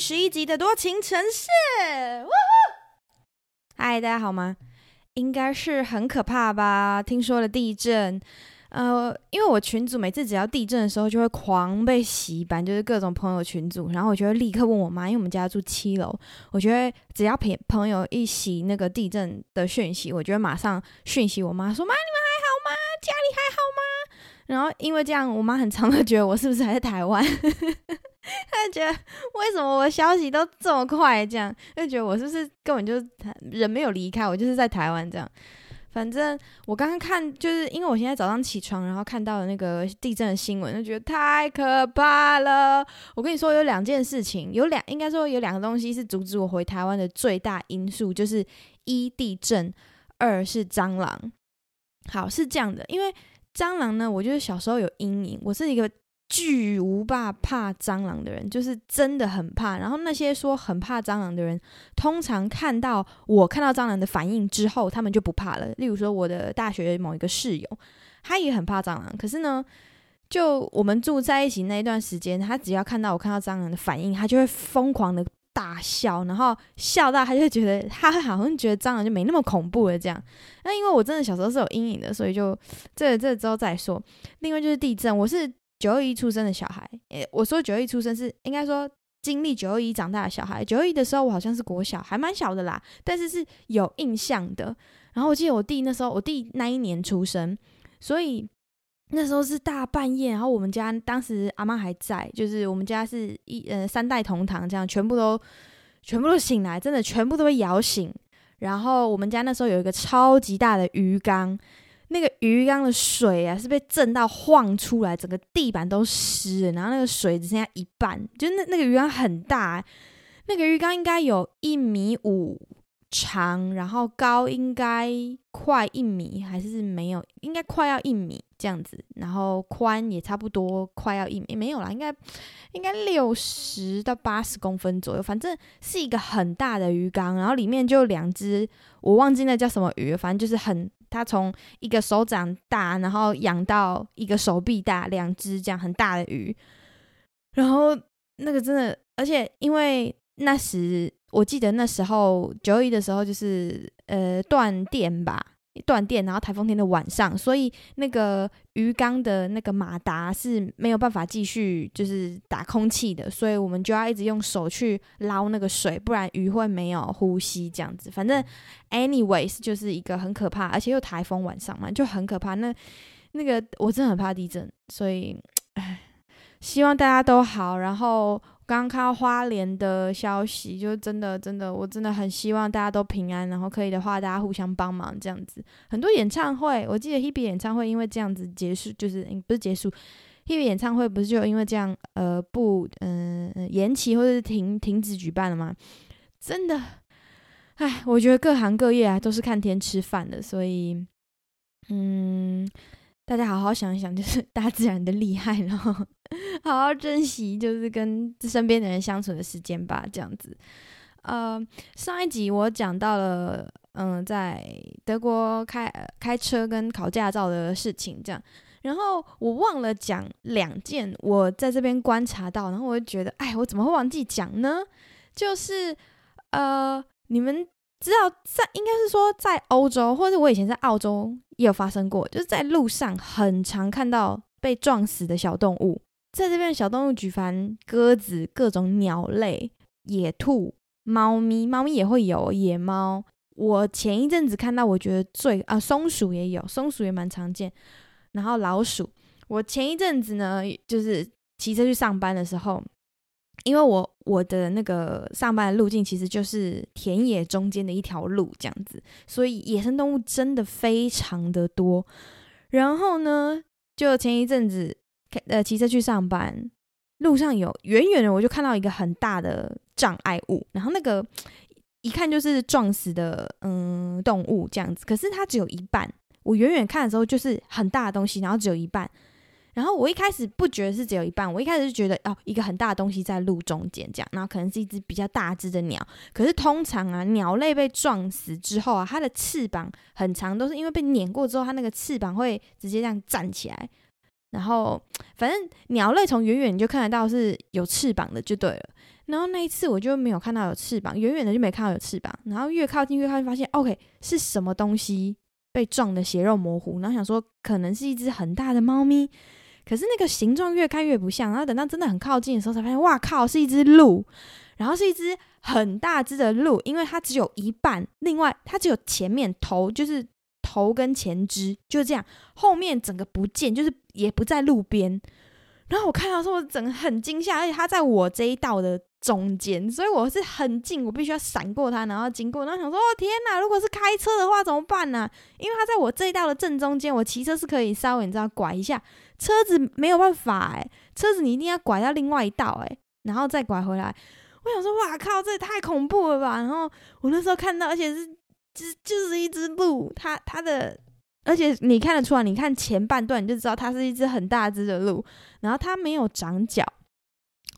十一集的多情城市，嗨，Hi, 大家好嗎？應該是很可怕吧？聽說了地震，呃，因為我群組，每次只要地震的時候就會狂被洗版，就是各種朋友群組，然後我就會立刻問我媽，因為我們家住七樓，我覺得只要朋朋友一洗那個地震的訊息，我就會馬上訊息我媽說：“媽，你們還好嗎？家裡還好嗎？”然後，因為這樣，我媽很常的覺得我是不是還在台灣？呵呵，她就覺得為什麼我的消息都這麼快？這樣，她覺得我是不是根本就是人沒有離開，我就是在台灣這樣。反正，我剛剛看，就是因為我現在早上起床，然後看到了那個地震的新聞，就覺得太可怕了。我跟你說，有兩件事情，有兩應該說有兩個東西是阻止我回台灣的最大因素，就是一地震，二是蟑螂。好，是這樣的，因為。蟑螂呢？我就是小時候有陰影，我是一個巨無霸怕蟑螂的人，就是真的很怕。然後那些說很怕蟑螂的人，通常看到我看到蟑螂的反應之後，他們就不怕了。例如說，我的大學某一個室友，他也很怕蟑螂，可是呢，就我們住在一起那一段時間，他只要看到我看到蟑螂的反應，他就會瘋狂的大笑、啊，然後笑到他就覺得，他好像覺得蟑螂就沒那麼恐怖了這樣。那因為我真的小時候是有陰影的，所以就這個、這個、之後再說。另外就是地震，我是九二一出生的小孩，誒、欸，我說九二一出生是應該說經歷九二一長大的小孩。九二一的時候我好像是國小，還蠻小的啦，但是是有印象的。然後我記得我弟那時候，我弟那一年出生，所以。那時候是大半夜，然後我們家當時阿媽還在，就是我們家是一呃三代同堂這樣，全部都全部都醒來，真的全部都被搖醒。然後我們家那時候有一個超級大的魚缸，那個魚缸的水啊是被震到晃出來，整個地板都濕了，然後那個水只剩下一半，就那那個魚缸很大，那個魚缸應該有一米五。長，然後高應該快一米，還是沒有？應該快要一米這樣子，然後寬也差不多，快要一米，沒有啦，應該應該六十到八十公分左右，反正是一個很大的魚缸，然後裡面就兩隻，我忘記那叫什麼魚，反正就是很，它從一個手掌大，然後養到一個手臂大，兩隻這樣很大的魚，然後那個真的，而且因為那時。我記得那時候九二一的時候，就是呃斷電吧，斷電，然後颱風天的晚上，所以那個魚缸的那個馬達是沒有辦法繼續就是打空氣的，所以我們就要一直用手去撈那個水，不然魚會沒有呼吸這樣子。反正，anyways，就是一個很可怕，而且又颱風晚上嘛，就很可怕。那那個我真的很怕地震，所以唉，希望大家都好，然後。剛，剛看到花蓮的消息，就真的真的，我真的很希望大家都平安，然後可以的話，大家互相幫忙這樣子。很多演唱會，我記得 Hebe 演唱會因為這樣子結束，就是、嗯、不是結束 Hebe 演唱會不是就因為這樣，呃，不，嗯、呃，延期或者是停停止舉辦了嘛？真的，唉，我覺得各行各業啊都是看天吃飯的，所以，嗯。大家好好想一想，就是大自然的厲害，然後好好珍惜，就是跟身邊的人相處的時間吧。這樣子，呃，上一集我講到了，嗯、呃，在德國開開車跟考駕照的事情，這樣，然後我忘了講兩件我在這邊觀察到，然後我就覺得，哎，我怎麼會忘記講呢？就是，呃，你們。知道，在應該是說在歐洲，或者我以前在澳洲也有發生過，就是在路上很常看到被撞死的小動物。在這邊小動物舉凡鴿子、各種鳥類、野兔、貓咪，貓咪也會有野貓。我前一陣子看到，我覺得最，啊，松鼠也有，松鼠也蠻常見。然後老鼠，我前一陣子呢，就是騎車去上班的時候。因為我我的那個上班的路徑其實就是田野中間的一條路這樣子，所以野生動物真的非常的多。然後呢，就前一陣子，呃，騎車去上班，路上有，遠遠的我就看到一個很大的障礙物，然後那個一看就是撞死的，嗯，動物這樣子，可是它只有一半。我遠遠看的時候就是很大的東西，然後只有一半。然後我一開始不覺得是只有一半，我一開始就覺得哦，一個很大的東西在路中間這樣，然後可能是一只比較大只的鳥。可是通常啊，鳥類被撞死之後啊，它的翅膀很長，都是因為被碾過之後，它那個翅膀會直接這樣站起來。然後反正鳥類從遠遠就看得到是有翅膀的就對了。然後那一次我就沒有看到有翅膀，遠遠的就沒看到有翅膀。然後越靠近越靠近發現，OK，是什麼東西被撞得血肉模糊？然後想說可能是一只很大的貓咪。可是那個形狀越看越不像，然後等到真的很靠近的時候，才發現，哇靠，是一只鹿！然後是一只很大只的鹿，因為它只有一半，另外它只有前面頭，就是頭跟前肢就是這樣，後面整個不見，就是也不在路邊。然後我看到時候我整個很驚嚇，而且它在我這一道的中間，所以我是很近，我必須要閃過它，然後經過，然後想說，哦天哪，如果是開車的話怎麼辦呢、啊？因為它在我這一道的正中間，我騎車是可以稍微你知道拐一下。車子沒有辦法哎、欸，車子你一定要拐到另外一道哎、欸，然後再拐回來。我想說，哇靠，這也太恐怖了吧！然後我那時候看到，而且是只、就是、就是一只鹿，它它的，而且你看得出來，你看前半段你就知道它是一只很大只的鹿，然後它沒有長角，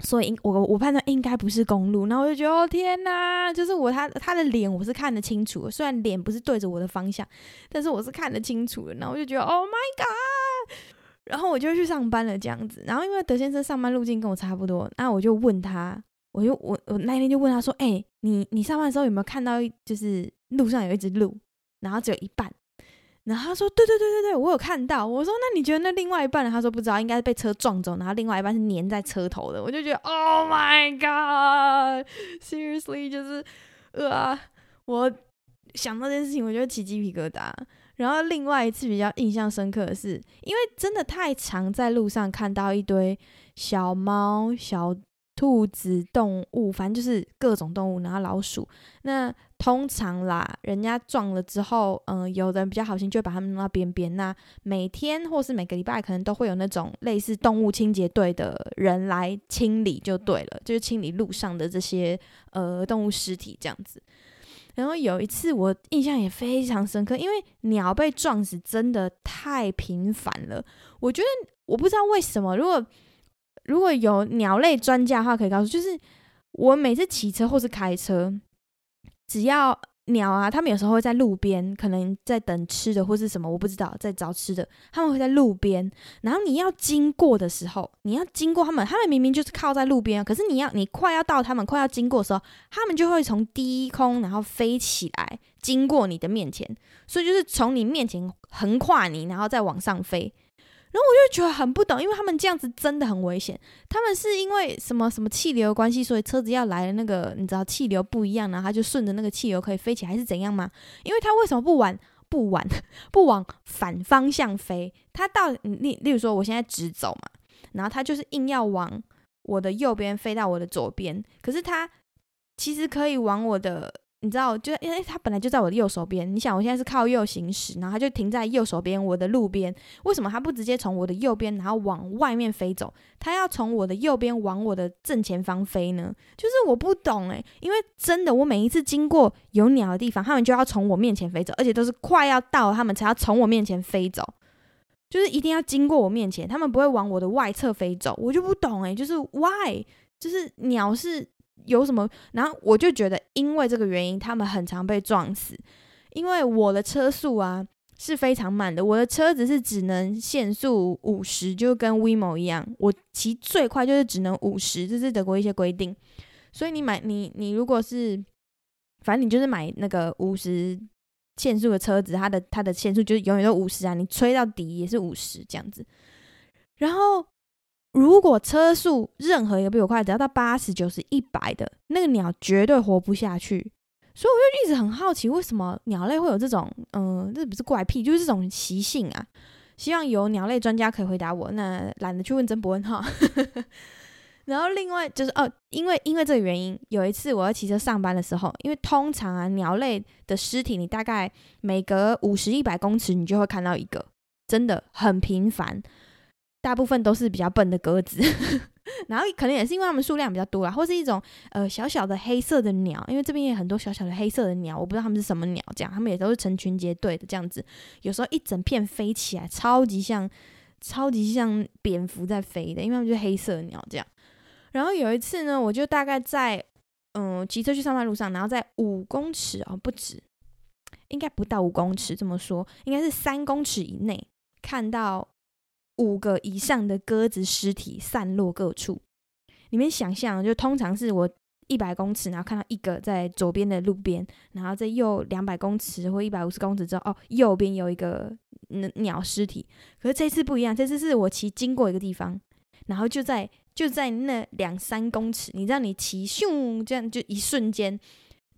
所以我我判斷應該不是公鹿。然後我就覺得，哦天哪，就是我它他的臉我是看得清楚的，雖然臉不是對着我的方向，但是我是看得清楚的。然後我就覺得，Oh my god！然後我就去上班了，這樣子。然後因為德先生上班路徑跟我差不多，那我就問他，我就我我那天就問他說：“哎、欸，你你上班的時候有沒有看到，就是路上有一隻鹿，然後只有一半？”然後他說：“對對對對對，我有看到。”我說：“那你覺得那另外一半呢？”他說：“不知道，應該是被車撞走，然後另外一半是粘在車頭的。”我就覺得 “Oh my God, seriously！” 就是呃，我想到這件事情，我就起雞皮疙瘩。然後另外一次比較印象深刻的是，因為真的太常在路上看到一堆小貓、小兔子、動物，反正就是各種動物，然後老鼠。那通常啦，人家撞了之後，嗯、呃，有的人比較好心，就會把它們弄到邊邊。那每天或是每個禮拜，可能都會有那種類似動物清潔隊的人來清理，就對了，就是清理路上的這些呃動物屍體這樣子。然後有一次我印象也非常深刻，因為鳥被撞死真的太頻繁了。我覺得我不知道為什麼，如果如果有鳥類專家的話，可以告訴，就是我每次騎車或是開車，只要。鳥啊，他們有時候會在路邊，可能在等吃的或是什麼，我不知道，在找吃的。他們會在路邊，然後你要經過的時候，你要經過他們，他們明明就是靠在路邊啊，可是你要你快要到他們，快要經過的時候，他們就會從低空然後飛起來，經過你的面前，所以就是從你面前橫跨你，然後再往上飛。然後我就覺得很不懂，因為他們這樣子真的很危險。他們是因為什麼什麼氣流關係，所以車子要來的那個，你知道氣流不一樣，然後他就順着那個氣流可以飛起來，還是怎樣嗎？因為他為什麼不往不往不往反方向飛？他到例例如說我現在直走嘛，然後他就是硬要往我的右邊飛到我的左邊，可是他其實可以往我的。你知道，就因為它本來就在我的右手邊。你想，我現在是靠右行駛，然後它就停在右手邊我的路邊。為什麼它不直接從我的右邊，然後往外面飛走？它要從我的右邊往我的正前方飛呢？就是我不懂誒、欸，因為真的，我每一次經過有鳥的地方，它們就要從我面前飛走，而且都是快要到它們才要從我面前飛走，就是一定要經過我面前，它們不會往我的外側飛走。我就不懂誒、欸，就是 why？就是鳥是。有什麼？然後我就覺得，因為這個原因，他們很常被撞死。因為我的車速啊是非常慢的，我的車子是只能限速五十，就跟 VMO 一樣。我騎最快就是只能五十，這是德國一些規定。所以你買你、你如果是，反正你就是買那個五十限速的車子，它的它的限速就是永遠都五十啊，你吹到底也是五十這樣子。然後。如果車速任何一個比我快，只要到八十九十一百的那個鳥絕對活不下去。所以我就一直很好奇，為什麼鳥類會有這種嗯，這不是怪癖，就是這種習性啊。希望有鳥類專家可以回答我。那懶得去問曾博文哈。 然後另外就是哦，因為因為這個原因，有一次我要騎車上班的時候，因為通常啊，鳥類的屍體你大概每隔五十一百公尺你就會看到一個，真的很頻繁。大部分都是比較笨的鴿子， 然後可能也是因為它們數量比較多啦，或是一種呃小小的黑色的鳥，因為這邊也很多小小的黑色的鳥，我不知道它們是什麼鳥，這樣它們也都是成群結隊的這樣子，有時候一整片飛起來，超級像超級像蝙蝠在飛的，因為它們就是黑色的鳥這樣。然後有一次呢，我就大概在嗯騎、呃、車去上班路上，然後在五公尺哦不止，應該不到五公尺這麼說，應該是三公尺以內看到，五個以上的鴿子屍體散落各處，你們想象，就通常是我一百公尺，然後看到一個在左邊的路邊，然後在右兩百公尺或一百五十公尺之後，哦，右邊有一個、嗯、鳥屍體。可是這次不一樣，這次是我騎經過一個地方，然後就在就在那兩三公尺，你讓你騎咻這樣，就一瞬間。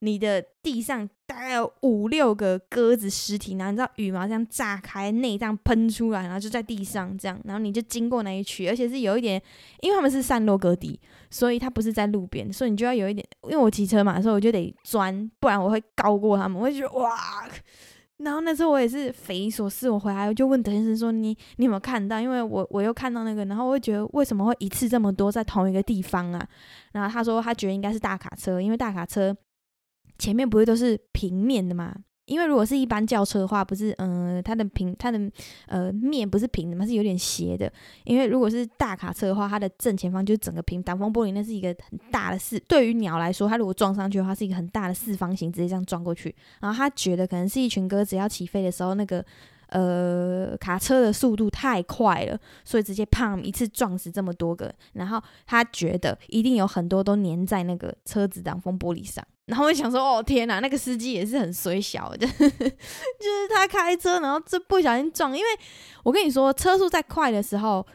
你的地上大概有五六個鴿子屍體，然後你知道羽毛這樣炸開，內臟噴出來，然後就在地上這樣，然後你就經過那一區，而且是有一點，因為他們是散落各地，所以它不是在路邊，所以你就要有一點，因為我騎車嘛，所以我就得鑽，不然我會高過他們，我就覺得哇。然後那時候我也是匪夷所思，我回來我就問德先生說，你你有沒有看到？因為我我又看到那個，然後我會覺得為什麼會一次這麼多在同一個地方啊？然後他說他覺得應該是大卡車，因為大卡車。前面不是都是平面的嗎？因為如果是一般轎車的話，不是，嗯、呃，它的平，它的呃面不是平的，它是有點斜的。因為如果是大卡車的話，它的正前方就是整個平擋風玻璃，那是一個很大的四。對於鳥來說，它如果撞上去的話，是一個很大的四方形，直接這樣撞過去。然後他覺得可能是一群鴿子要起飛的時候，那個呃卡車的速度太快了，所以直接砰一次撞死這麼多個。然後他覺得一定有很多都粘在那個車子擋風玻璃上。然後我想說，哦天吶，那個司機也是很衰小的、就是，就是他開車，然後這不小心撞。因為我跟你說，車速再快的時候，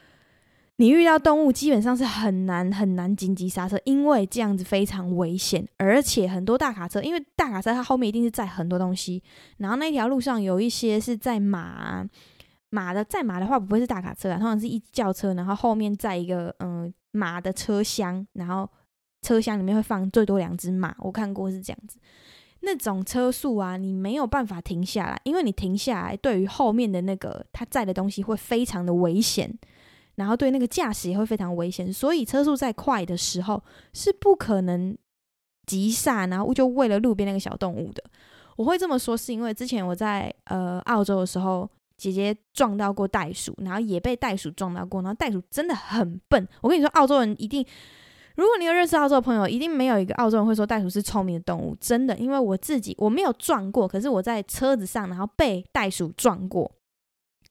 你遇到動物基本上是很難很難緊急剎車，因為這樣子非常危險。而且很多大卡車，因為大卡車它後面一定是載很多東西。然後那條路上有一些是載馬馬的，載馬的話不會是大卡車啊，通常是一轎車，然後後面載一個嗯、呃、馬的車廂，然後。車廂裡面會放最多兩隻馬，我看過是這樣子。那種車速啊，你沒有辦法停下來，因為你停下來，對於後面的那個它載的東西會非常的危險，然後對那個駕駛也會非常危險。所以車速再快的時候是不可能急剎，然後就為了路邊那個小動物的。我會這麼說，是因為之前我在呃澳洲的時候，姐姐撞到過袋鼠，然後也被袋鼠撞到過，然後袋鼠真的很笨。我跟你說，澳洲人一定。如果你有認識澳洲的朋友，一定沒有一個澳洲人會說袋鼠是聰明的動物。真的，因為我自己我沒有撞過，可是我在車子上，然後被袋鼠撞過。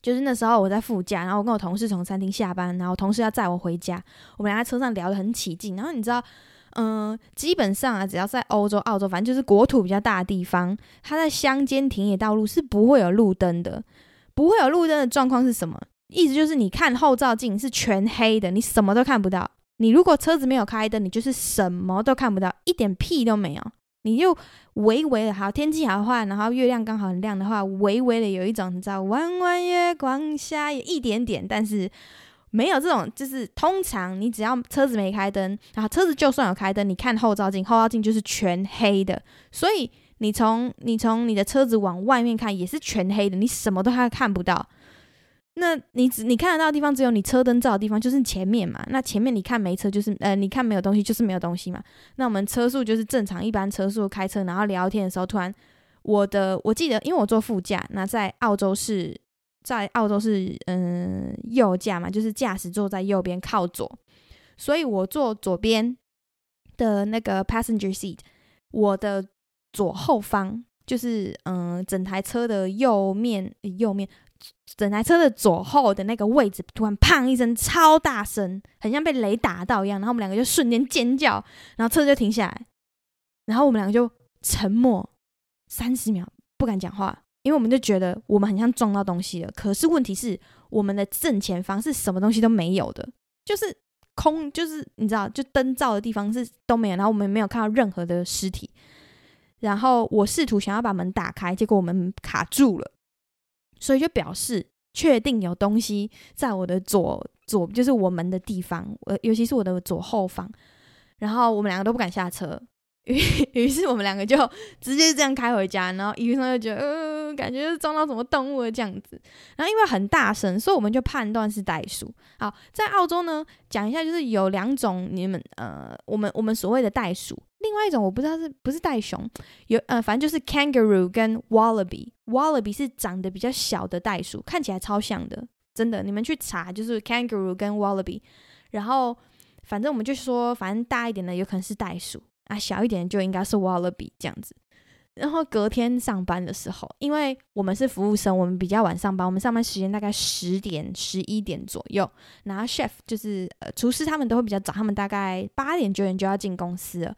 就是那時候我在副駕，然後我跟我同事從餐廳下班，然後同事要載我回家，我們倆在車上聊得很起勁。然後你知道，嗯、呃，基本上啊，只要在歐洲、澳洲，反正就是國土比較大的地方，它在鄉間、田野、道路是不會有路燈的。不會有路燈的狀況是什麼？意思就是你看後照鏡是全黑的，你什麼都看不到。你如果車子沒有開燈，你就是什麼都看不到，一點屁都沒有。你就微微的，好，天氣好的話，然後月亮剛好很亮的話，微微的有一種你知道，彎彎月光下也一點點，但是沒有這種，就是通常你只要車子沒開燈，然後車子就算有開燈，你看後照鏡，後照鏡就是全黑的，所以你從你從你的車子往外面看也是全黑的，你什麼都還看不到。那你只你看得到的地方只有你車燈照的地方，就是前面嘛。那前面你看沒車，就是呃，你看沒有東西，就是沒有東西嘛。那我們車速就是正常，一般車速開車，然後聊天的時候，突然我的我記得，因為我坐副駕，那在澳洲是在澳洲是嗯、呃、右駕嘛，就是駕駛座在右邊靠左，所以我坐左邊的那個 passenger seat，我的左後方就是嗯、呃、整台車的右面、呃、右面。整台車的左後的那個位置，突然“砰”一聲，超大聲，很像被雷打到一樣。然後我們兩個就瞬間尖叫，然後車就停下來。然後我們兩個就沉默三十秒，不敢講話，因為我們就覺得我們很像撞到東西了。可是問題是，我們的正前方是什麼東西都沒有的，就是空，就是你知道，就燈照的地方是都沒有。然後我們也沒有看到任何的屍體。然後我試圖想要把門打開，結果我們卡住了。所以就表示確定有東西在我的左左，就是我們的地方，呃，尤其是我的左後方。然後我們兩個都不敢下車，於於是我們兩個就直接這樣開回家。然後一路上就覺得，呃感覺就是撞到什麼動物了這樣子，然後因為很大聲，所以我們就判斷是袋鼠。好，在澳洲呢，講一下就是有兩種你們呃，我們我們所謂的袋鼠，另外一種我不知道是不是袋熊，有呃，反正就是 kangaroo 跟 wallaby。wallaby 是長得比較小的袋鼠，看起來超像的，真的，你們去查就是 kangaroo 跟 wallaby。然後反正我們就說，反正大一點的有可能是袋鼠啊，小一點就應該是 wallaby 這樣子。然後隔天上班的時候，因為我們是服務生，我們比較晚上班，我們上班時間大概十點十一點左右。然後 chef 就是呃廚師，他們都會比較早，他們大概八點九點就要進公司了。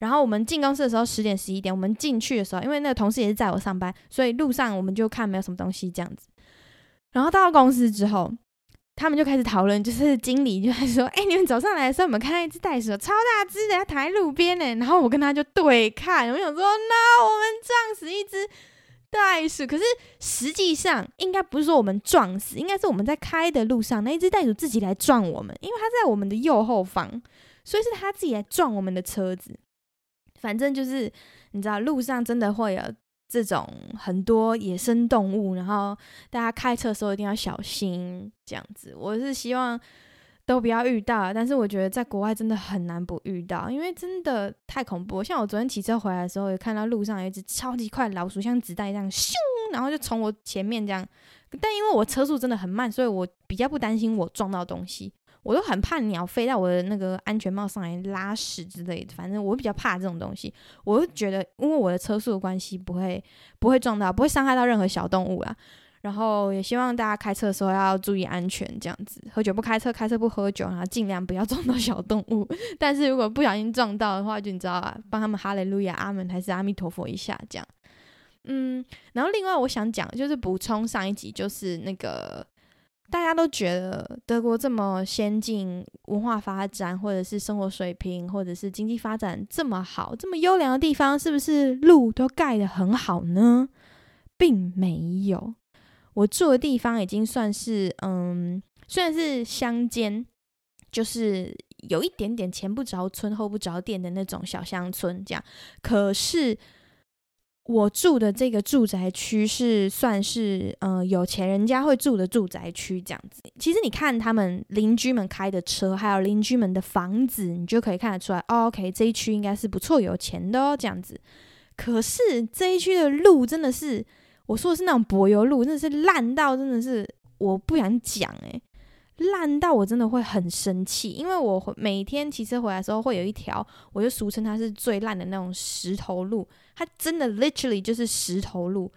然後我們進公司的時候十點十一點，我們進去的時候，因為那個同事也是載我上班，所以路上我們就看沒有什麼東西這樣子。然後到公司之後。他們就開始討論，就是經理就在說：“哎、欸，你們走上來的時候，我們看到一隻袋鼠，超大隻的，它躺在路邊呢。”然後我跟他就對看，我想說：“那、no, 我們撞死一隻袋鼠。”可是實際上應該不是說我們撞死，應該是我們在開的路上，那一隻袋鼠自己來撞我們，因為它在我們的右後方，所以是它自己來撞我們的車子。反正就是你知道，路上真的會有。這種很多野生動物，然後大家開車的時候一定要小心，這樣子。我是希望都不要遇到，但是我覺得在國外真的很難不遇到，因為真的太恐怖。像我昨天騎車回來的時候，也看到路上有一隻超級快的老鼠，像子彈一樣，咻，然後就從我前面這樣。但因為我車速真的很慢，所以我比較不擔心我撞到東西。我都很怕鳥飛到我的那個安全帽上來拉屎之類的，反正我比較怕這種東西。我就覺得，因為我的車速的關係，不會不會撞到，不會傷害到任何小動物啦。然後也希望大家開車的時候要注意安全，這樣子，喝酒不開車，開車不喝酒，然後儘量不要撞到小動物。但是如果不小心撞到的話，就你知道啊，幫他們哈雷路亞阿門，還是阿彌陀佛一下這樣。嗯，然後另外我想講，就是補充上一集，就是那個。大家都覺得德國這麼先進、文化發展，或者是生活水平，或者是經濟發展這麼好、這麼優良的地方，是不是路都蓋得很好呢？並沒有，我住的地方已經算是嗯，雖然是鄉間，就是有一點點前不着村後不着店的那種小鄉村這樣，可是。我住的這個住宅區是算是嗯、呃、有錢人家會住的住宅區這樣子。其實你看他們鄰居們開的車，還有鄰居們的房子，你就可以看得出來。哦、OK，這一區應該是不錯有錢的哦這樣子。可是這一區的路真的是，我說的是那種柏油路，真的是爛到真的是我不想講誒、欸。爛到我真的會很生氣，因為我每天騎車回來的時候會有一條，我就俗稱它是最爛的那種石頭路。它真的 literally 就是石頭路，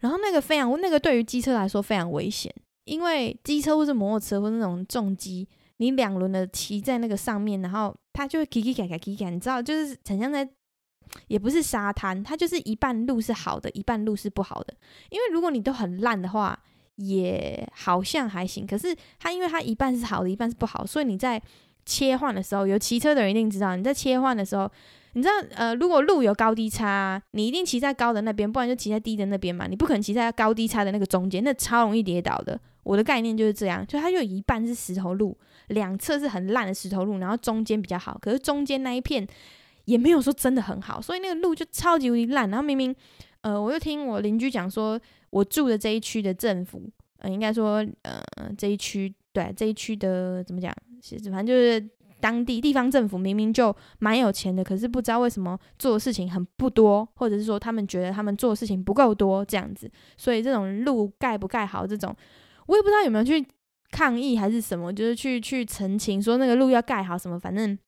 然後那個非常那個對於機車來說非常危險，因為機車或是摩托車或那種重機，你兩輪的騎在那個上面，然後它就會 kick kick kick kick，你知道就是很像在，也不是沙灘，它就是一半路是好的，一半路是不好的，因為如果你都很爛的話，也好像還行，可是它因為它一半是好的，一半是不好，所以你在切換的時候，有騎車的人一定知道，你在切換的時候。你知道，呃，如果路有高低差啊，你一定騎在高的那邊，不然就騎在低的那邊嘛。你不可能騎在高低差的那個中間，那超容易跌倒的。我的概念就是這樣，就它就有一半是石頭路，兩側是很爛的石頭路，然後中間比較好。可是中間那一片也沒有說真的很好，所以那個路就超級無敵爛。然後明明，呃，我又聽我鄰居講說，我住的這一區的政府，呃，應該說，呃，這一區，對，這一區的怎麼講？其實反正就是。當地地方政府明明就蠻有錢的，可是不知道為什麼做的事情很不多，或者是說他們覺得他們做的事情不夠多這樣子，所以這種路蓋不蓋好這種，我也不知道有沒有去抗議還是什麼，就是去去澄清說那個路要蓋好什麼，反正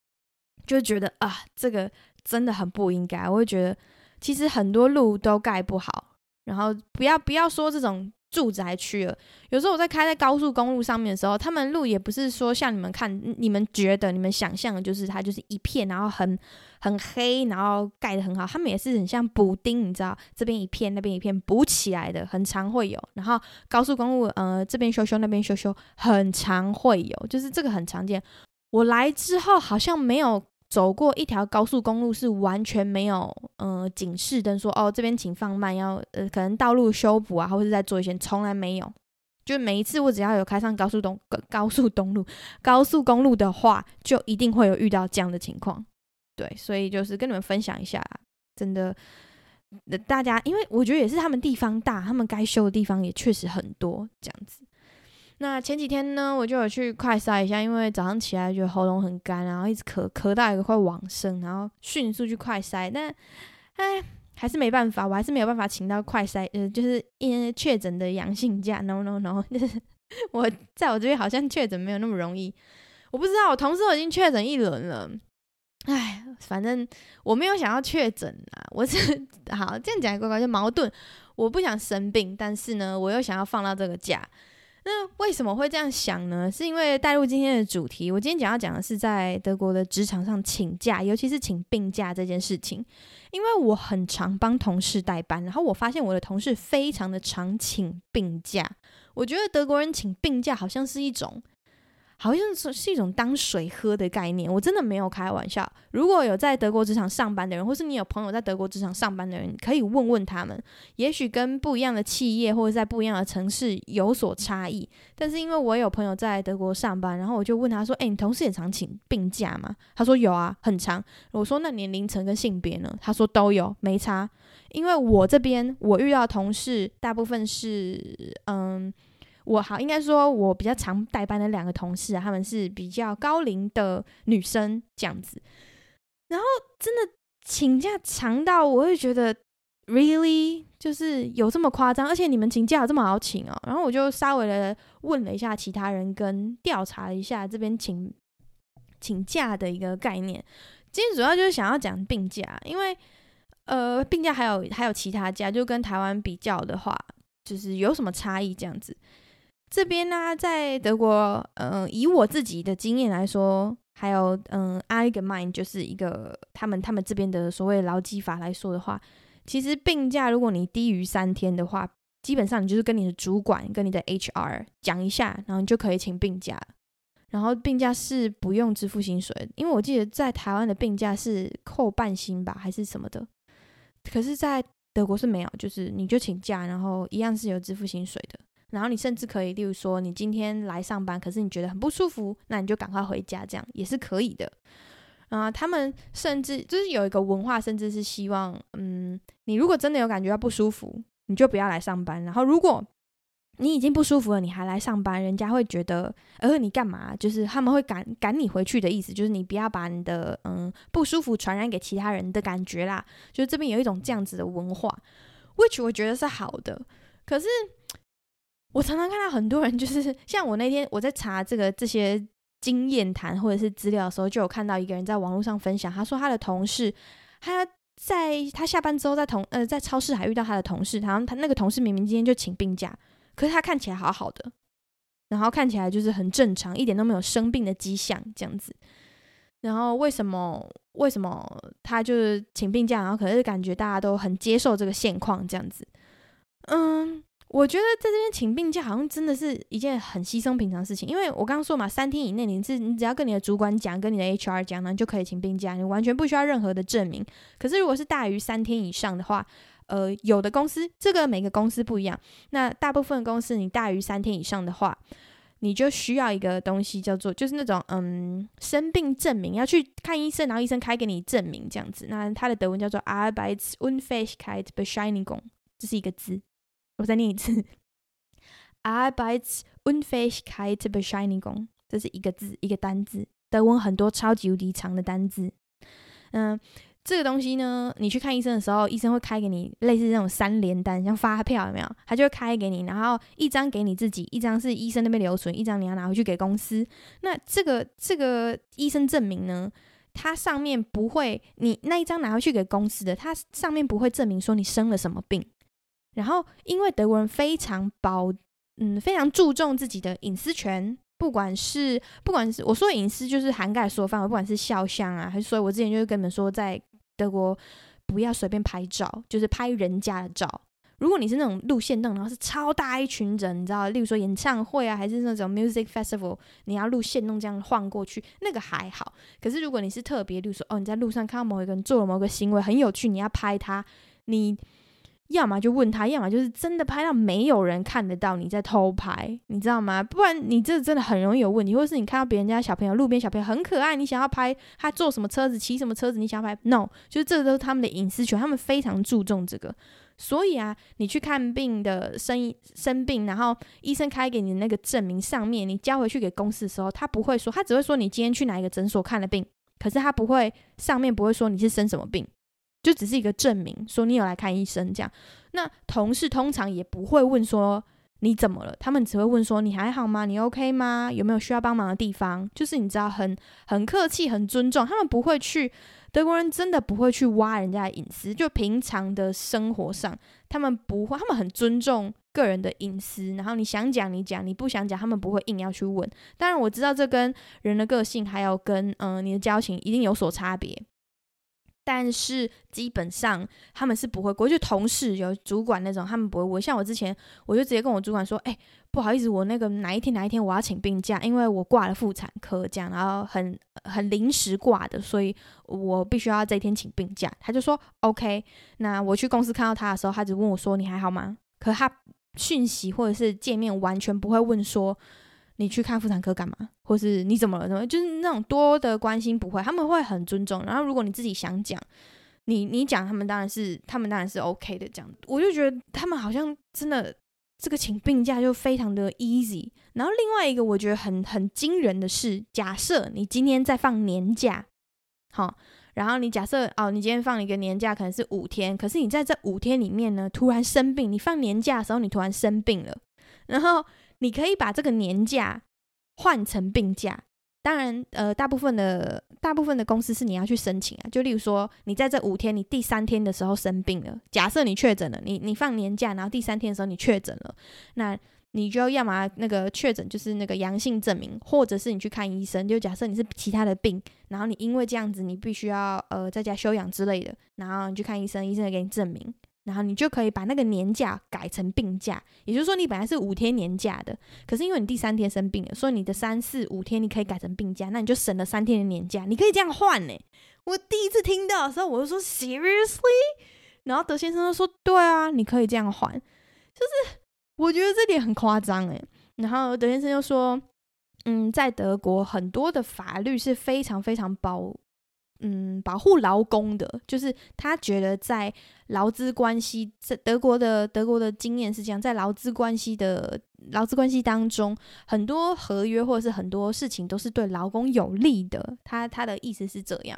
就覺得啊，這個真的很不應該。我會覺得其實很多路都蓋不好，然後不要不要說這種。住宅區了。有時候我在開在高速公路上面的時候，他們路也不是說像你們看、你們覺得、你們想象的，就是它就是一片，然後很很黑，然後蓋得很好。他們也是很像補丁，你知道，這邊一片，那邊一片補起來的，很常會有。然後高速公路，呃，這邊修修，那邊修修，很常會有，就是這個很常見。我來之後好像沒有。走過一條高速公路是完全沒有，呃，警示燈說哦，這邊請放慢，要呃，可能道路修補啊，或者是在做一些，從來沒有，就每一次我只要有開上高速東高速公路高速公路的話，就一定會有遇到這樣的情況，對，所以就是跟你們分享一下，真的，大家，因為我覺得也是他們地方大，他們該修的地方也確實很多，這樣子。那前幾天呢，我就有去快篩一下，因為早上起來就喉嚨很乾，然後一直咳，咳到一個快往生，然後迅速去快篩。但，哎，還是沒辦法，我還是沒有辦法請到快篩，呃，就是因為確診的陽性假，no no no，就是我在我這邊好像確診沒有那麼容易，我不知道，我同事都已經確診一輪了。哎，反正我沒有想要確診啊，我是好這樣講怪怪，就矛盾。我不想生病，但是呢，我又想要放到這個假。那為什麼會這樣想呢？是因為帶入今天的主題，我今天想要講的是在德國的職場上請假，尤其是請病假這件事情。因為我很常幫同事代班，然後我發現我的同事非常的常請病假。我覺得德國人請病假好像是一種。好像是是一種當水喝的概念，我真的沒有開玩笑。如果有在德國職場上班的人，或是你有朋友在德國職場上班的人，可以問問他們。也許跟不一樣的企業或者在不一樣的城市有所差異，但是因為我有朋友在德國上班，然後我就問他說：“誒、欸，你同事也常請病假嗎？”他說：“有啊，很常。”我說：“那年齡層跟性別呢？”他說：“都有，沒差。”因為我這邊我遇到同事大部分是嗯。我好，應該說，我比較常代班的兩個同事啊，他們是比較高齡的女生這樣子。然後真的請假長到，我會覺得 really 就是有這麼誇張，而且你們請假這麼好請哦。然後我就稍微的問了一下其他人，跟調查了一下這邊請請假的一個概念。今天主要就是想要講病假，因為呃，病假還有還有其他假，就跟台灣比較的話，就是有什麼差異這樣子。這邊呢、啊，在德國，嗯，以我自己的經驗來說，還有嗯 i g m i n e 就是一個他們他們這邊的所謂勞基法來說的話，其實病假如果你低於三天的話，基本上你就是跟你的主管跟你的 HR 講一下，然後你就可以請病假。然後病假是不用支付薪水，因為我記得在台灣的病假是扣半薪吧，還是什麼的？可是，在德國是沒有，就是你就請假，然後一樣是有支付薪水的。然後你甚至可以，例如說，你今天來上班，可是你覺得很不舒服，那你就趕快回家，這樣也是可以的。啊，他們甚至就是有一個文化，甚至是希望，嗯，你如果真的有感覺到不舒服，你就不要來上班。然後，如果你已經不舒服了，你還來上班，人家會覺得，呃，你幹嘛？就是他們會趕趕你回去的意思，就是你不要把你的嗯不舒服傳染給其他人的感覺啦。就是這邊有一種這樣子的文化，which 我覺得是好的，可是。我常常看到很多人，就是像我那天我在查這個這些經驗談或者是資料的時候，就有看到一個人在網絡上分享，他說他的同事他在他下班之後在同呃在超市還遇到他的同事，然後他那個同事明明今天就請病假，可是他看起來好好的，然後看起來就是很正常，一點都沒有生病的跡象這樣子。然後為什麼為什麼他就是請病假，然後可能是感覺大家都很接受這個現況這樣子，嗯。我覺得在這邊請病假好像真的是一件很犧牲平常事情，因為我剛剛說嘛，三天以內你是你只要跟你的主管講，跟你的 HR 講呢，你就可以請病假，你完全不需要任何的證明。可是如果是大於三天以上的話，呃，有的公司這個每個公司不一樣，那大部分公司你大於三天以上的話，你就需要一個東西叫做就是那種嗯生病證明，要去看醫生，然後醫生開給你證明這樣子。那他的德文叫做 a r b e i t s u n f ä h i g k e i t b e s c h e i n i g u n g 這是一個字。我再念一次，Arbeitsunfähigkeitsbescheinigung，這是一個字，一個單字。德文很多超級無敵長的單字。嗯、呃，這個東西呢，你去看醫生的時候，醫生會開給你類似那種三聯單，像發票有沒有？他就會開給你，然後一張給你自己，一張是醫生那邊留存，一張你要拿回去給公司。那這個這個醫生證明呢，他上面不會，你那一張拿回去給公司的，他上面不會證明說你生了什麼病。然後，因為德國人非常保，嗯，非常注重自己的隱私權，不管是不管是我說隱私，就是涵蓋的所有範圍，不管是肖像啊，還是所以，我之前就跟你們說，在德國不要隨便拍照，就是拍人家的照。如果你是那種路線動，然後是超大一群人，你知道，例如說演唱會啊，還是那種 music festival，你要路線弄這樣晃過去，那個還好。可是如果你是特別，例如說，哦，你在路上看到某一個人做了某個行為很有趣，你要拍他，你。要麼就問他，要麼就是真的拍到沒有人看得到你在偷拍，你知道嗎？不然你這真的很容易有問題，或者是你看到別人家小朋友、路邊小朋友很可愛，你想要拍他坐什麼車子、騎什麼車子，你想要拍，No，就是這都是他們的隱私權，他們非常注重這個。所以啊，你去看病的生生病，然後醫生開給你的那個證明上面，你交回去給公司的時候，他不會說，他只會說你今天去哪一個診所看了病，可是他不會，上面不會說你是生什麼病。就只是一個證明，說你有來看醫生這樣。那同事通常也不會問說你怎麼了，他們只會問說你還好嗎？你 OK 嗎？有沒有需要幫忙的地方？就是你知道很很客氣，很尊重。他們不會去，德國人真的不會去挖人家的隱私。就平常的生活上，他們不會，他們很尊重個人的隱私。然後你想講你講，你不想講，他們不會硬要去問。當然，我知道這跟人的個性，還有跟嗯、呃、你的交情一定有所差別。但是基本上他們是不會問，就同事有主管那種，他們不會問。我像我之前，我就直接跟我主管說：“哎、欸，不好意思，我那個哪一天哪一天我要請病假，因為我掛了婦產科，這樣，然後很很臨時掛的，所以我必須要這一天請病假。”他就說：“OK。”那我去公司看到他的時候，他只問我說：“你還好嗎？”可他訊息或者是見面完全不會問說。你去看婦產科幹嘛？或是你怎麼了？怎麼了？就是那種多的關心，不會，他們會很尊重。然後如果你自己想講，你你講，他們當然是他們當然是 OK 的這樣。我就覺得他們好像真的這個請病假就非常的 easy。然後另外一個我覺得很很驚人的是，假設你今天在放年假，好，哦，然後你假設哦，你今天放了一個年假，可能是五天，可是你在這五天裡面呢，突然生病，你放年假的時候你突然生病了，然後。你可以把這個年假換成病假，當然，呃，大部分的大部分的公司是你要去申請啊。就例如說，你在這五天，你第三天的時候生病了，假設你確診了，你你放年假，然後第三天的時候你確診了，那你就要麼那個確診就是那個陽性證明，或者是你去看醫生，就假設你是其他的病，然後你因為這樣子你必須要呃在家休養之類的，然後你去看醫生，醫生會給你證明。然後你就可以把那個年假改成病假，也就是說你本來是五天年假的，可是因為你第三天生病了，所以你的三四五天你可以改成病假，那你就省了三天的年假，你可以這樣換呢。我第一次聽到的時候，我就說 seriously，然後德先生就說對啊，你可以這樣換，就是我覺得這點很誇張哎。然後德先生就說，嗯，在德國很多的法律是非常非常包。嗯，保護勞工的，就是他覺得在勞資關係，在德國的德國的經驗是這樣，在勞資關係的勞資關係當中，很多合約或者是很多事情都是對勞工有利的。他他的意思是這樣，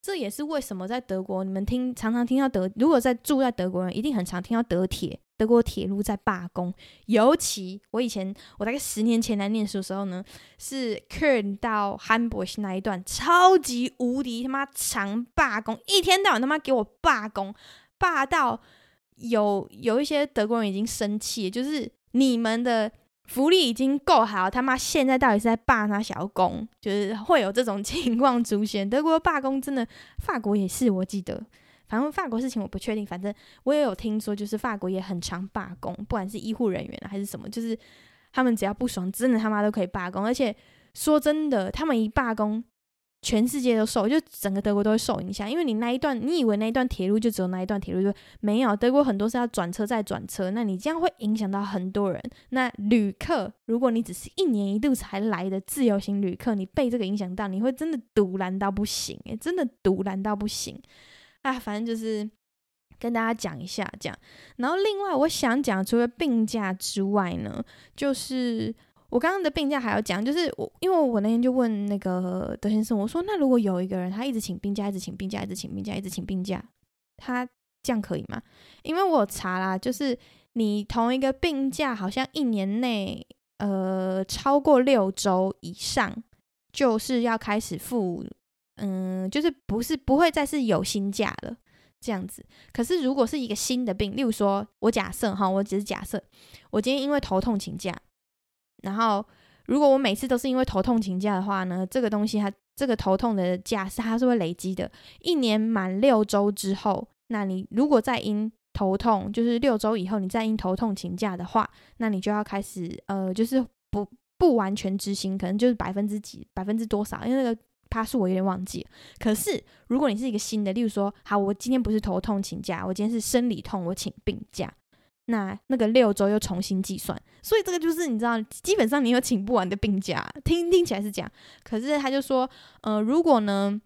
這也是為什麼在德國，你們聽，常常聽到德，如果在住在德國人一定很常聽到德鐵。德國鐵路在罷工，尤其我以前我大概十年前來念書的時候呢，是看到韓堡西那一段超級無敵他媽長罷工，一天到晚他媽給我罷工，罷到有有一些德國人已經生氣，就是你們的福利已經夠好，他媽現在到底是在罷那小工？就是會有這種情況出現。德國罷工真的，法國也是，我記得。反正法國事情我不確定，反正我也有聽說，就是法國也很常罷工，不管是醫護人員啊，還是什麼，就是他們只要不爽，真的他媽都可以罷工。而且說真的，他們一罷工，全世界都受，就整個德國都會受影響。因為你那一段，你以為那一段鐵路就只有那一段鐵路就，就沒有，德國很多是要轉車再轉車，那你這樣會影響到很多人。那旅客，如果你只是一年一度才來的自由行旅客，你被這個影響到，你會真的賭爛到不行，欸，到不行，誒，真的賭爛到不行。啊，反正就是跟大家講一下這樣。然後另外，我想講，除了病假之外呢，就是我剛剛的病假還要講，就是我因為我那天就問那個德先生，我說，那如果有一個人他一直請病假，一直請病假，一直請病假，一直請病假，病假他這樣可以嗎？因為我查啦，就是你同一個病假好像一年內呃超過六周以上，就是要開始付。嗯，就是不是不會再是有薪假了這樣子。可是如果是一個新的病，例如說我假設哈，我只是假設，我今天因為頭痛請假，然後如果我每次都是因為頭痛請假的話呢，這個東西它這個頭痛的假是它是會累積的。一年滿六周之後，那你如果再因頭痛，就是六周以後你再因頭痛請假的話，那你就要開始呃，就是不不完全支薪，可能就是百分之幾百分之多少，因為那個。他是我有點忘記了，可是如果你是一個新的，例如說，好，我今天不是頭痛請假，我今天是生理痛，我請病假，那那個六周又重新計算，所以這個就是你知道，基本上你有請不完的病假，聽聽起來是這樣，可是他就說，呃，如果呢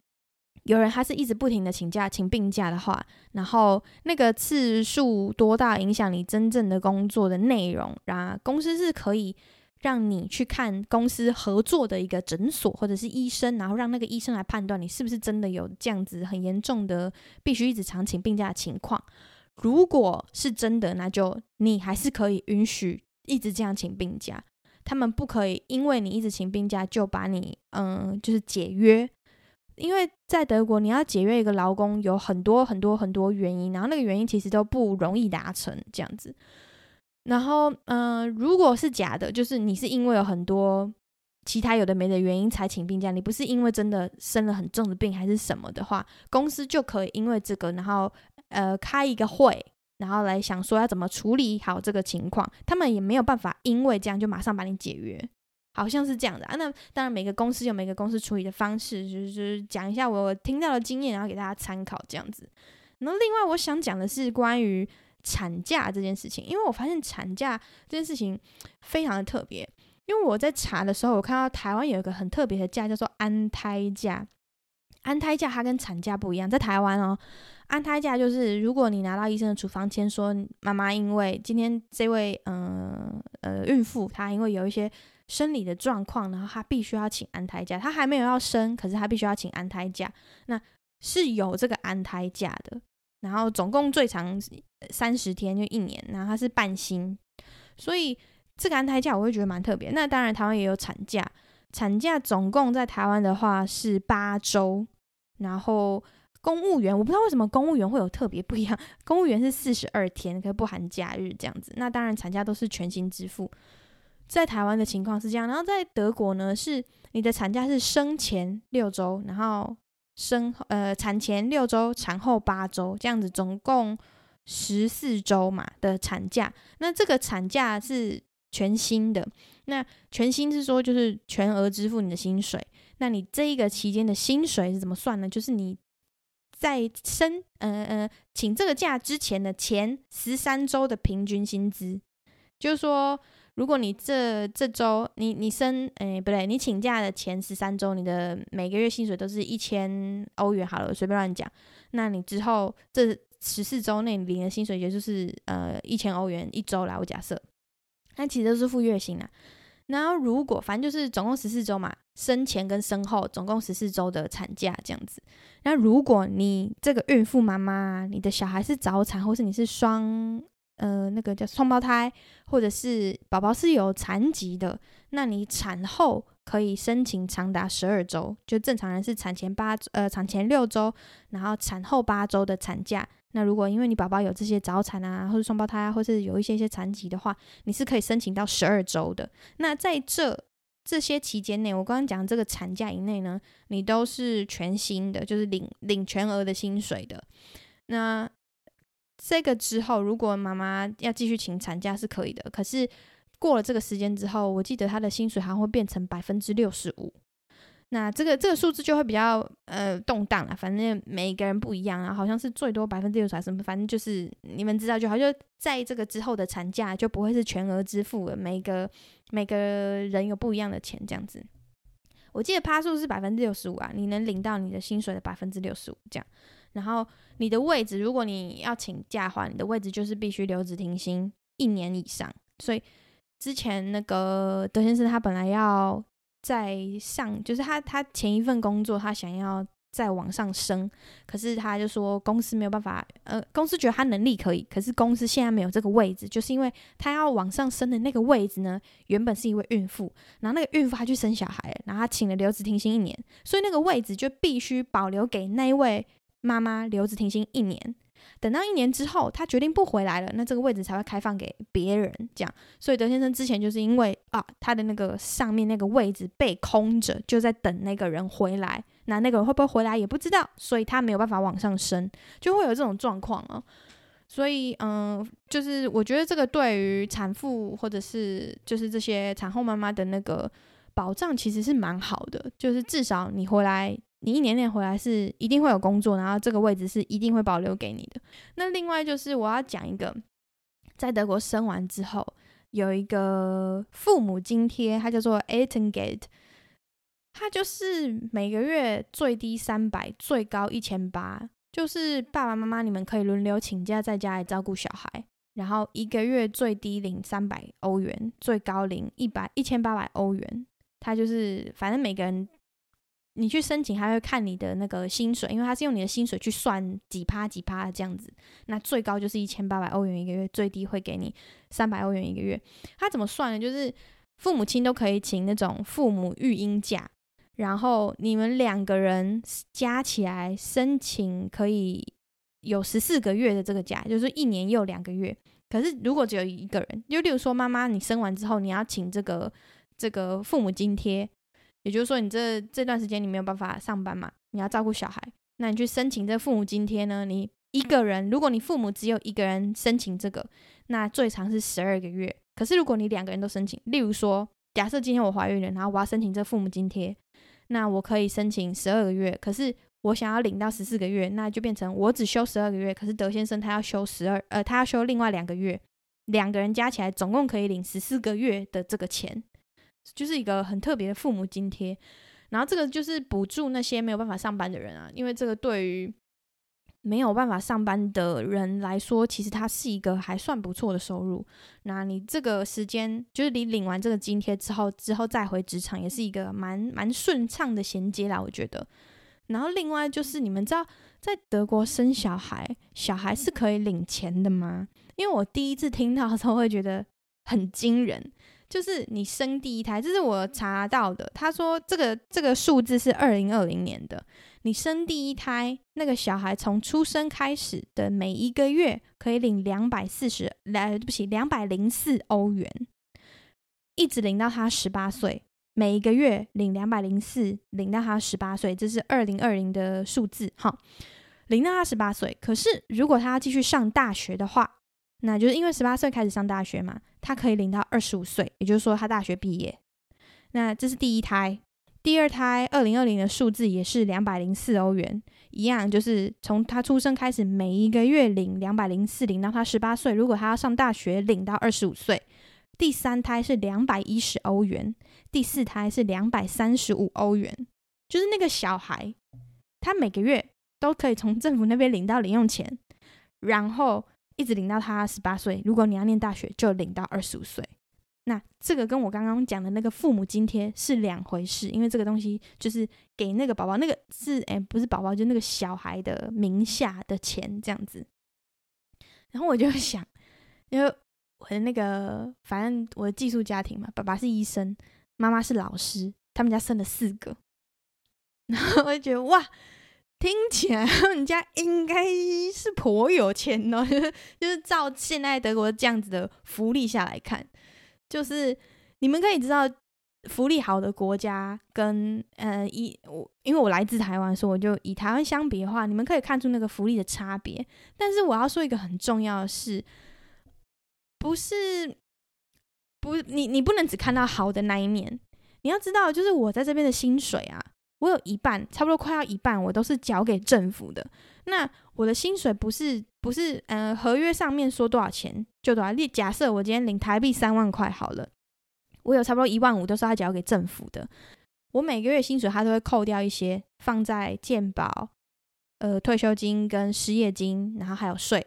有人他是一直不停的請假，請病假的話，然後那個次數多大影響你真正的工作的內容啊，然後公司是可以，讓你去看公司合作的一個診所或者是醫生，然後讓那個醫生來判斷你是不是真的有這樣子很嚴重的必須一直常請病假的情況。如果是真的，那就你還是可以允許一直這樣請病假。他們不可以因為你一直請病假就把你嗯，就是解約，因為在德國你要解約一個勞工有很多很多很多原因，然後那個原因其實都不容易達成這樣子。然後，嗯、呃，如果是假的，就是你是因為有很多其他有的沒的原因才請病假，你不是因為真的生了很重的病還是什麼的話，公司就可以因為這個，然後呃開一個會，然後來想說要怎麼處理好這個情況。他們也沒有辦法因為這樣就馬上把你解約，好像是這樣的啊。那當然，每個公司有每個公司處理的方式，就是，就是講一下我聽到的經驗，然後給大家參考這樣子。那另外我想講的是關於。產假這件事情，因為我發現產假這件事情非常的特別，因為我在查的時候，我看到台灣有一個很特別的假，叫做安胎假。安胎假它跟產假不一樣，在台灣哦，安胎假就是如果你拿到醫生的處方簽，說媽媽因為今天這位嗯呃，呃，孕婦她因為有一些生理的狀況，然後她必須要請安胎假，她還沒有要生，可是她必須要請安胎假，那是有這個安胎假的。然後總共最長三十天，就一年，然後它是半薪，所以這個安胎假我會覺得蠻特別。那當然台灣也有產假，產假總共在台灣的話是八周，然後公務員我不知道為什麼公務員會有特別不一樣，公務員是四十二天，可不含假日這樣子。那當然產假都是全薪支付，在台灣的情況是這樣，然後在德國呢是你的產假是生前六周，然後。生呃，產前六周，產後八周，這樣子總共十四周嘛的產假。那這個產假是全薪的，那全薪是說就是全額支付你的薪水。那你這一個期間的薪水是怎麼算呢？就是你在生呃呃請這個假之前的前十三周的平均薪資，就是說。如果你這這周你你生誒不對，你請假的前十三周，你的每個月薪水都是一千歐元。好了，我隨便亂講。那你之後這十四周內你領的薪水也就是呃一千歐元一周啦。我假設，那其實都是付月薪啦啊。然後如果反正就是總共十四周嘛，生前跟生後總共十四周的產假這樣子。那如果你這個孕婦媽媽，你的小孩是早產，或是你是雙。呃，那個叫雙胞胎，或者是寶寶是有殘疾的，那你產後可以申請長達十二周，就正常人是產前八，呃產前六周，然後產後八周的產假。那如果因為你寶寶有這些早產啊，或者雙胞胎啊，或是有一些一些殘疾的話，你是可以申請到十二周的。那在這這些期間內，我剛剛講這個產假以內呢，你都是全薪的，就是領領全額的薪水的。那這個之後，如果媽媽要繼續請產假是可以的。可是過了這個時間之後，我記得她的薪水還會變成百分之六十五。那這個這個數字就會比較呃動盪了，啊。反正每個人不一樣啊，好像是最多百分之六十還是什麼，反正就是你們知道就好。就在這個之後的產假就不會是全額支付了，每個每個人有不一樣的錢這樣子。我記得趴數是百分之六十五啊，你能領到你的薪水的百分之六十五這樣。然後你的位置，如果你要請假的話，你的位置就是必須留職停薪一年以上。所以之前那個德先生他本來要在上，就是他他前一份工作他想要再往上升，可是他就說公司沒有辦法，呃，公司覺得他能力可以，可是公司現在沒有這個位置，就是因為他要往上升的那個位置呢，原本是一位孕婦，然後那個孕婦她去生小孩，然後她請了留職停薪一年，所以那個位置就必須保留給那一位。媽媽留職停薪一年，等到一年之後，她決定不回來了，那這個位置才會開放給別人。這樣，所以德先生之前就是因為啊，他的那個上面那個位置被空着，就在等那個人回來。那那個人會不會回來也不知道，所以他沒有辦法往上升，就會有這種狀況啊。所以，嗯、呃，就是我覺得這個對於產婦或者是就是這些產後媽媽的那個保障其實是蠻好的，就是至少你回來。你一年年，回來是一定會有工作，然後這個位置是一定會保留給你的。那另外就是我要講一個，在德國生完之後有一個父母津貼，它叫做 Elterngeld，它就是每個月最低三百，最高一千八，就是爸爸媽媽你們可以輪流請假在家裡照顧小孩，然後一個月最低領三百歐元，最高領一百，一千八百歐元，他就是反正每個人。你去申請，他會看你的那個薪水，因為他是用你的薪水去算幾趴幾趴的這樣子。那最高就是一千八百歐元一個月，最低會給你三百歐元一個月。他怎麼算呢？就是父母親都可以請那種父母育嬰假，然後你們兩個人加起來申請可以有十四個月的這個假，就是一年又兩個月。可是如果只有一個人，就例如說媽媽，你生完之後你要請這個這個父母津貼。也就是說，你這這段時間你沒有辦法上班嘛，你要照顧小孩，那你去申請這父母津貼呢？你一個人，如果你父母只有一個人申請這個，那最長是十二個月。可是如果你兩個人都申請，例如說，假設今天我懷孕了，然後我要申請這父母津貼，那我可以申請十二個月。可是我想要領到十四個月，那就變成我只休十二個月，可是德先生他要休十二，呃，他要休另外兩個月，兩個人加起來總共可以領十四個月的這個錢。就是一個很特別的父母津貼，然後這個就是補助那些沒有辦法上班的人啊，因為這個對於沒有辦法上班的人來說，其實它是一個還算不錯的收入。那你這個時間，就是你領完這個津貼之後，之後再回職場，也是一個蠻蠻順暢的銜接啦，我覺得。然後另外就是你們知道，在德國生小孩，小孩是可以領錢的嗎？因為我第一次聽到的時候會覺得很驚人。就是你生第一胎，這是我查到的。他說這個這個數字是二零二零年的。你生第一胎，那個小孩從出生開始的每一個月可以領兩百四十，來對不起，兩百零四歐元，一直領到他十八歲，每一個月領兩百零四，領到他十八歲，這是二零二零的數字哈，領到他十八歲。可是如果他要繼續上大學的話，那就是因為十八歲開始上大學嘛。他可以領到二十五歲，也就是說他大學畢業。那這是第一胎。第二胎，二零二零的數字也是兩百零四歐元，一樣，就是從他出生開始，每一個月領兩百零四，領到他十八歲。如果他要上大學，領到二十五歲。第三胎是兩百一十歐元，第四胎是兩百三十五歐元，就是那個小孩，他每個月都可以從政府那邊領到零用錢，然後。一直領到他十八歲，如果你要念大學，就領到二十五歲。那這個跟我剛剛講的那個父母津貼是兩回事，因為這個東西就是給那個寶寶，那個是欸，不是寶寶，就那個小孩的名下的錢這樣子。然後我就想，因為我的那個反正我的寄宿家庭嘛，爸爸是醫生，媽媽是老師，他們家生了四個，然後我就覺得哇。聽起來，人家應該是頗有錢哦。就是照現在德國這樣子的福利下來看，就是你們可以知道福利好的國家跟呃一，我因為我來自台灣，所以我就以台灣相比的話，你們可以看出那個福利的差別。但是我要說一個很重要的事，不是不你你不能只看到好的那一面，你要知道，就是我在這邊的薪水啊。我有一半，差不多快要一半，我都是繳給政府的。那我的薪水不是不是，嗯、呃，合約上面說多少錢就多少，啊。假設我今天領台幣三萬塊好了，我有差不多一萬五都是要繳給政府的。我每個月薪水它都會扣掉一些，放在健保、呃退休金跟失業金，然後還有稅。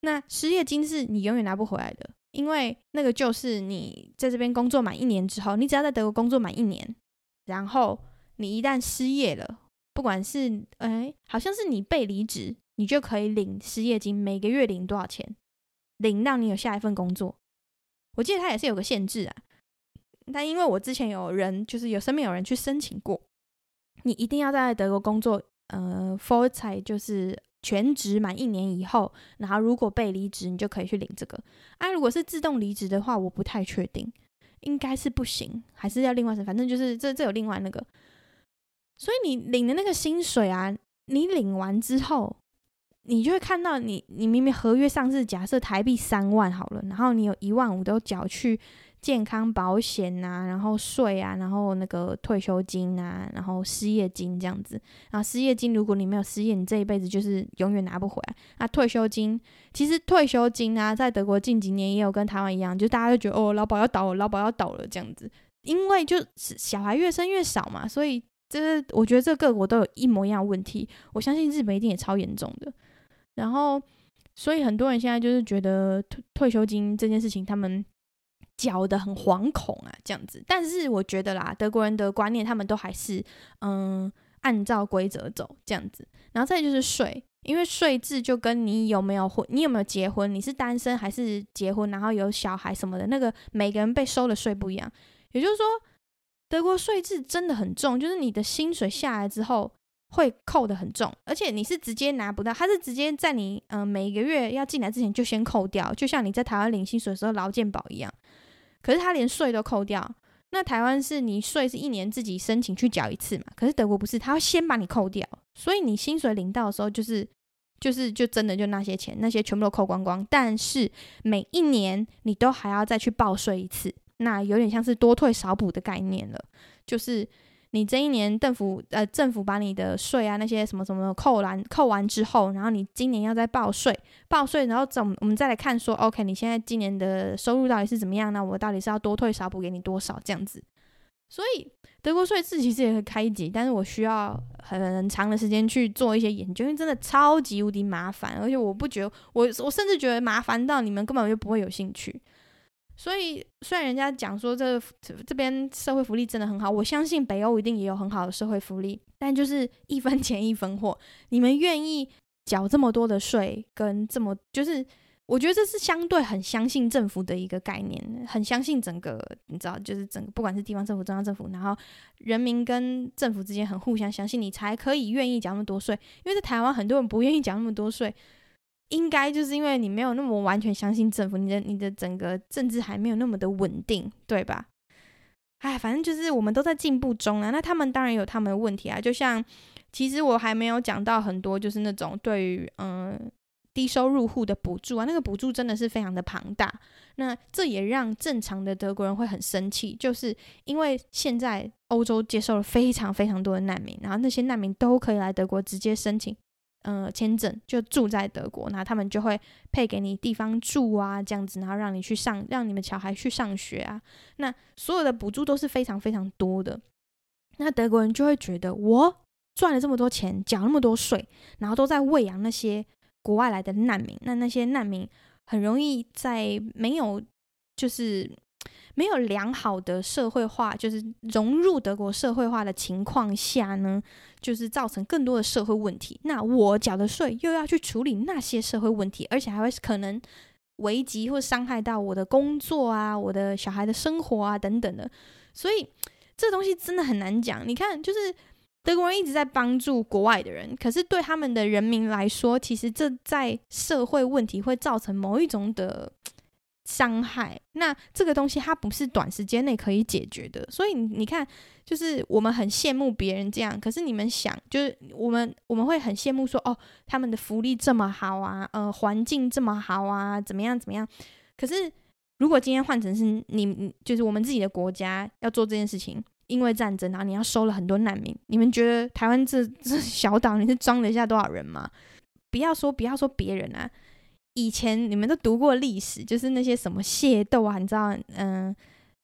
那失業金是你永遠拿不回來的，因為那個就是你在這邊工作滿一年之後，你只要在德國工作滿一年，然後。你一旦失業了，不管是哎，好像是你被離職，你就可以領失業金，每個月領多少錢，領到你有下一份工作。我記得他也是有個限制啊，但因為我之前有人，就是有身邊有人去申請過，你一定要在德國工作，呃，four 才就是全職滿一年以後，然後如果被離職，你就可以去領這個。啊，如果是自動離職的話，我不太確定，應該是不行，還是要另外申。反正就是這這有另外那個。所以你領的那個薪水啊，你領完之後，你就會看到你，你明明合約上是假設台幣三萬好了，然後你有一萬五都繳去健康保險吶、啊，然後稅啊，然後那個退休金啊，然後失業金這樣子。然後失業金如果你沒有失業，你這一輩子就是永遠拿不回來。那，退休金其實退休金啊，在德國近幾年也有跟台灣一樣，就大家就覺得哦，勞保要倒了，勞保要倒了這樣子，因為就是小孩越生越少嘛，所以。就是我覺得這個我都有一模一樣的問題，我相信日本一定也超嚴重的。然後，所以很多人現在就是覺得退退休金這件事情，他們繳得很惶恐啊，這樣子。但是我覺得啦，德國人的觀念他們都還是嗯，按照規則走這樣子。然後再就是稅，因為稅制就跟你有沒有婚，你有沒有結婚，你是單身還是結婚，然後有小孩什麼的，那個每個人被收的稅不一樣。也就是說。德國稅制真的很重，就是你的薪水下來之後會扣得很重，而且你是直接拿不到，它是直接在你嗯、呃、每一個月要進來之前就先扣掉，就像你在台灣領薪水的時候勞健保一樣，可是他連稅都扣掉。那台灣是你稅是一年自己申請去繳一次嘛，可是德國不是，他要先把你扣掉，所以你薪水領到的時候就是就是就真的就那些錢那些全部都扣光光，但是每一年你都還要再去報稅一次。那有點像是多退少補的概念了，就是你這一年政府呃政府把你的稅啊那些什麼什麼扣完扣完之後，然後你今年要再報稅報稅，然後怎我們再來看說，OK 你現在今年的收入到底是怎麼樣，那我到底是要多退少補給你多少這樣子？所以德國稅制其實也會開解，但是我需要很長的時間去做一些研究，因為真的超級無敵麻煩，而且我不覺我我甚至覺得麻煩到你們根本就不會有興趣。所以，雖然人家講說這這邊社會福利真的很好，我相信北歐一定也有很好的社會福利，但就是一分錢一分貨。你們願意繳這麼多的稅，跟這麼就是，我覺得這是相對很相信政府的一個概念，很相信整個你知道，就是整個不管是地方政府、中央政府，然後人民跟政府之間很互相相信，你才可以願意繳那麼多稅。因為在台灣，很多人不願意繳那麼多稅。應該就是因為你沒有那麼完全相信政府，你的你的整個政治還沒有那麼的穩定，對吧？哎，反正就是我們都在進步中啊。那他們當然有他們的問題啊。就像，其實我還沒有講到很多，就是那種對於嗯、呃、低收入戶的補助啊，那個補助真的是非常的龐大。那這也讓正常的德國人會很生氣，就是因為現在歐洲接受了非常非常多的難民，然後那些難民都可以來德國直接申請。呃，簽證就住在德國，那他們就會配給你地方住啊，這樣子，然後讓你去上，讓你們小孩去上學啊。那所有的補助都是非常非常多的。那德國人就會覺得，我賺了這麼多錢，繳那麼多稅，然後都在餵養那些國外來的難民。那那些難民很容易在沒有，就是。沒有良好的社會化，就是融入德國社會化的情況下呢，就是造成更多的社會問題。那我繳的稅又要去處理那些社會問題，而且還會可能危及或傷害到我的工作啊、我的小孩的生活啊等等的。所以這東西真的很難講。你看，就是德國人一直在幫助國外的人，可是對他們的人民來說，其實這在社會問題會造成某一種的傷害，那這個東西它不是短時間內可以解決的，所以你看，就是我們很羨慕別人這樣，可是你們想，就是我們我們會很羨慕說，哦，他們的福利這麼好啊，呃，環境這麼好啊，怎麼樣怎麼樣？可是如果今天換成是你，就是我們自己的國家要做這件事情，因為戰爭啊，然後你要收了很多難民，你們覺得台灣這這小島你是裝得下多少人嗎？不要說不要說別人啊。以前你們都讀過歷史，就是那些什麼械鬥啊，你知道，嗯，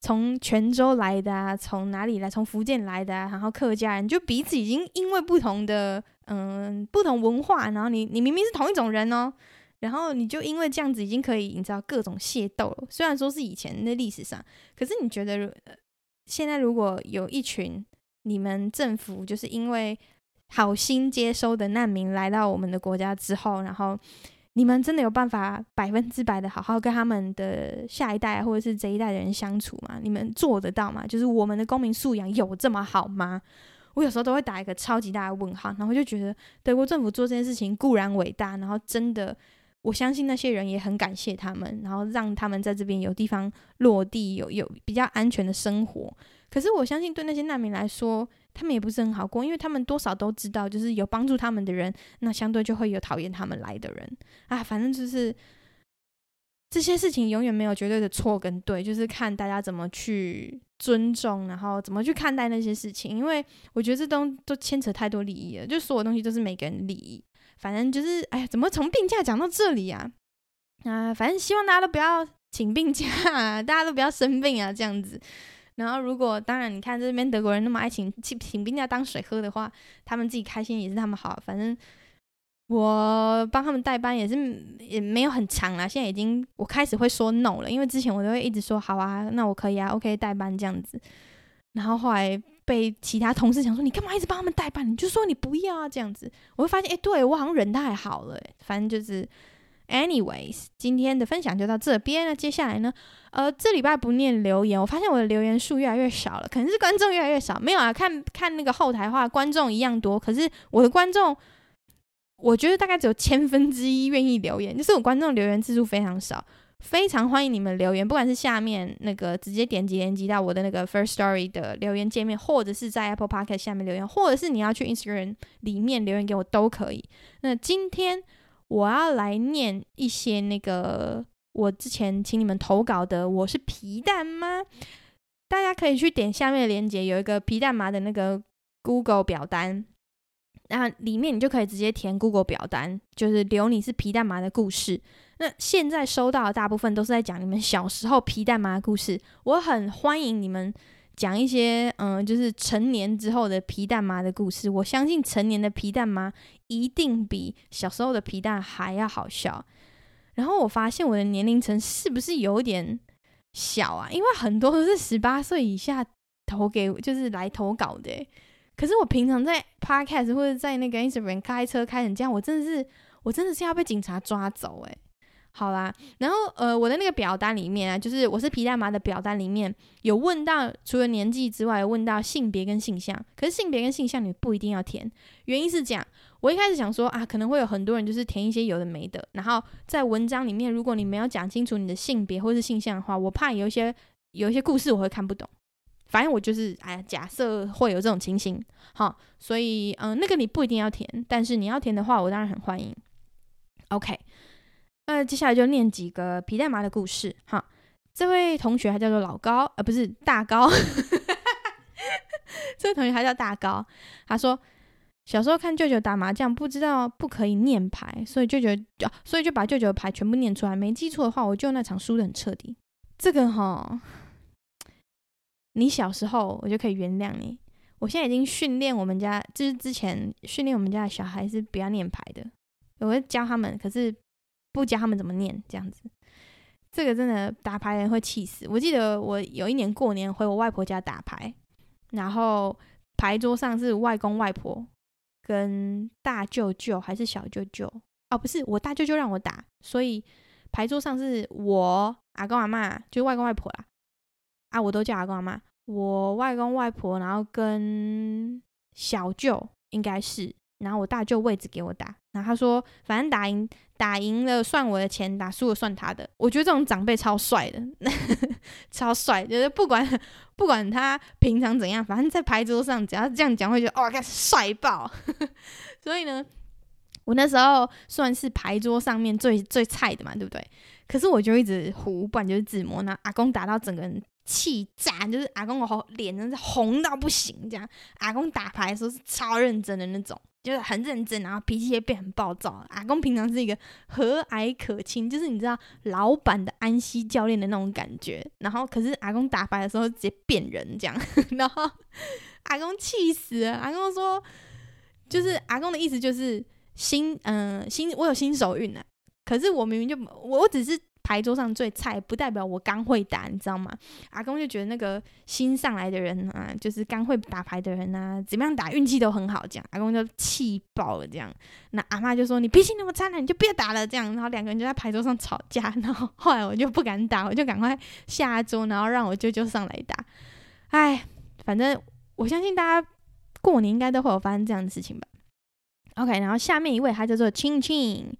從泉州來的啊，從哪裡來，從福建來的啊，然後客家人就彼此已經因為不同的，嗯，不同文化，然後你你明明是同一種人哦，然後你就因為這樣子已經可以，營造各種械鬥。雖然說是以前那歷史上，可是你覺得，呃，現在如果有一群你們政府就是因為好心接收的難民來到我們的國家之後，然後。你們真的有辦法百分之百的好好跟他們的下一代或者是這一代的人相處嗎？你們做得到嗎？就是我們的公民素養有這麼好嗎？我有時候都會打一個超級大的問號，然後就覺得德國政府做這件事情固然偉大，然後真的我相信那些人也很感謝他們，然後讓他們在這邊有地方落地，有有比較安全的生活。可是我相信對那些難民來說，他們也不是很好過，因為他們多少都知道，就是有幫助他們的人，那相對就會有討厭他們來的人啊。反正就是這些事情永遠沒有絕對的錯跟對，就是看大家怎麼去尊重，然後怎麼去看待那些事情。因為我覺得這都都牽扯太多利益了，就所有東西都是每個人利益。反正就是，哎呀，怎麼從病假講到這裡啊？啊，反正希望大家都不要請病假啊，大家都不要生病啊，這樣子。然後，如果當然，你看這邊德國人那麼愛請請請病假當水喝的話，他們自己開心也是他們好。反正我幫他們代班也是也沒有很長了，現在已經我開始會說 no 了，因為之前我都會一直說好啊，那我可以啊，OK 代班這樣子。然後後來被其他同事想說你幹嘛一直幫他們代班，你就說你不要、啊、這樣子。我會發現，哎、欸，對我好像人太好了、欸，反正就是。Anyways，今天的分享就到這邊。那接下來呢？呃，這禮拜不念留言，我發現我的留言數越來越少了，可能是觀眾越來越少。沒有啊，看看那個後台話，觀眾一樣多，可是我的觀眾，我覺得大概只有千分之一願意留言，就是我觀眾留言次數非常少。非常歡迎你們留言，不管是下面那個直接點擊鏈接到我的那個 First Story 的留言界面，或者是在 Apple Podcast 下面留言，或者是你要去 Instagram 裡面留言給我都可以。那今天。我要來念一些那個我之前請你們投稿的，我是皮蛋嗎？大家可以去點下面的鏈接，有一個皮蛋嗎的那個 Google 表單，然後、啊、裡面你就可以直接填 Google 表單，就是留你是皮蛋嗎的故事。那現在收到的大部分都是在講你們小時候皮蛋嗎的故事，我很歡迎你們。講一些嗯、呃，就是成年之後的皮蛋媽的故事。我相信成年的皮蛋媽一定比小時候的皮蛋還要好笑。然後我發現我的年齡層是不是有點小啊？因為很多都是十八歲以下投給，就是來投稿的。可是我平常在 podcast 或者在那個 Instagram 開、開車開成這樣，我真的是，我真的是要被警察抓走哎。好啦，然後呃，我的那個表單裡面啊，就是我是皮蛋嗎的表單裡面有問到，除了年紀之外，問到性別跟性向。可是性別跟性向你不一定要填，原因是這樣，我一開始想說啊，可能會有很多人就是填一些有的沒的，然後在文章裡面如果你沒有講清楚你的性別或是性向的話，我怕有一些有一些故事我會看不懂。反正我就是哎呀，假設會有這種情形，好，所以嗯、呃，那個你不一定要填，但是你要填的話，我當然很歡迎。OK。那、呃、接下來就念幾個皮蛋嗎的故事哈。這位同學還叫做老高，呃、不是大高。 這位同學還叫大高，他說小時候看舅舅打麻將，不知道不可以念牌，所以舅舅所以就把舅舅的牌全部念出來。沒記錯的話，我就那場輸得很徹底。這個哈、哦，你小時候我就可以原諒你。我現在已經訓練我們家，就是之前訓練我們家的小孩是不要念牌的，我會教他們。可是。不教他們怎麼念，這樣子，這個真的打牌人會氣死。我記得我有一年過年回我外婆家打牌，然後牌桌上是外公外婆跟大舅舅還是小舅舅？哦，不是，我大舅舅讓我打，所以牌桌上是我阿公阿嬤，就是外公外婆啦。啊，啊，我都叫阿公阿嬤。我外公外婆，然後跟小舅應該是。然後我大舅位置給我打，然後他說反正打贏打贏了算我的錢，打輸了算他的。我覺得這種長輩超帥的，呵呵超帥，就是不管不管他平常怎樣，反正在牌桌上只要這樣講會，會覺得哦，哇塞帥爆。 所以呢，我那時候算是牌桌上面最最菜的嘛，對不對？可是我就一直胡，不然就是自摸。那阿公打到整個人氣炸，就是阿公我臉真的是紅到不行，這樣。阿公打牌的時候是超認真的那種。就是很認真，然後脾氣也變很暴躁。阿公平常是一個和藹可親，就是你知道老板的安西教練的那種感覺。然後可是阿公打牌的時候直接變人這樣，呵呵，然後阿公氣死了。阿公說，就是阿公的意思就是新嗯、呃、新我有新手運呢、啊，可是我明明就我我只是。牌桌上最菜，不代表我剛會打，你知道嗎？阿公就覺得那個新上來的人啊，就是剛會打牌的人呢、啊，怎麼樣打運氣都很好，這樣阿公就氣爆了，這樣。那阿嬤就說：“你脾氣那麼差，那你就別打了。”這樣，然後兩個人就在牌桌上吵架。然後後來我就不敢打，我就趕快下桌，然後讓我舅舅上來打。哎，反正我相信大家過年應該都會有發生這樣的事情吧。OK，然後下面一位他叫做青青，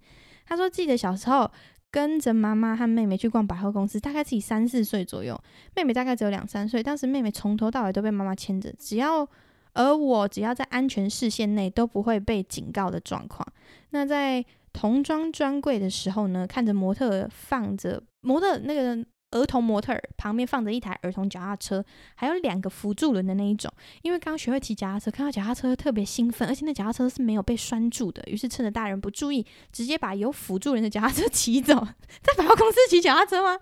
他說自己的小時候。跟着媽媽和妹妹去逛百貨公司，大概自己三四歲左右，妹妹大概只有兩三歲。當時妹妹從頭到尾都被媽媽牽着，只要而我只要在安全視線內都不會被警告的狀況。那在童裝專櫃的時候呢，看着模特放着模特那個人。兒童模特旁邊放着一台兒童腳踏車，還有兩個輔助輪的那一種。因為剛學會騎腳踏車，看到腳踏車特別興奮，而且那腳踏車是沒有被拴住的。於是趁着大人不注意，直接把有輔助輪的腳踏車騎走，在百貨公司騎腳踏車嗎？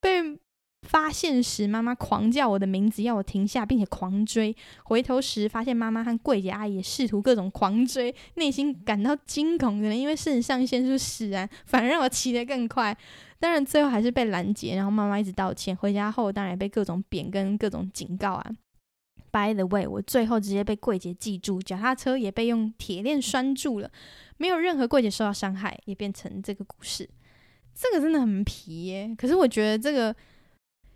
被。發現時，媽媽狂叫我的名字，要我停下，並且狂追。回頭時，發現媽媽和櫃姐阿姨也試圖各種狂追，內心感到驚恐的。可能因為腎上腺素使然，反而讓我騎得更快。當然，最後還是被攔截。然後媽媽一直道歉。回家後，當然也被各種扁跟各種警告啊。By the way，我最後直接被櫃姐記住，腳踏車也被用鐵鏈拴住了。沒有任何櫃姐受到傷害，也變成這個故事。這個真的很皮耶、欸。可是我覺得這個。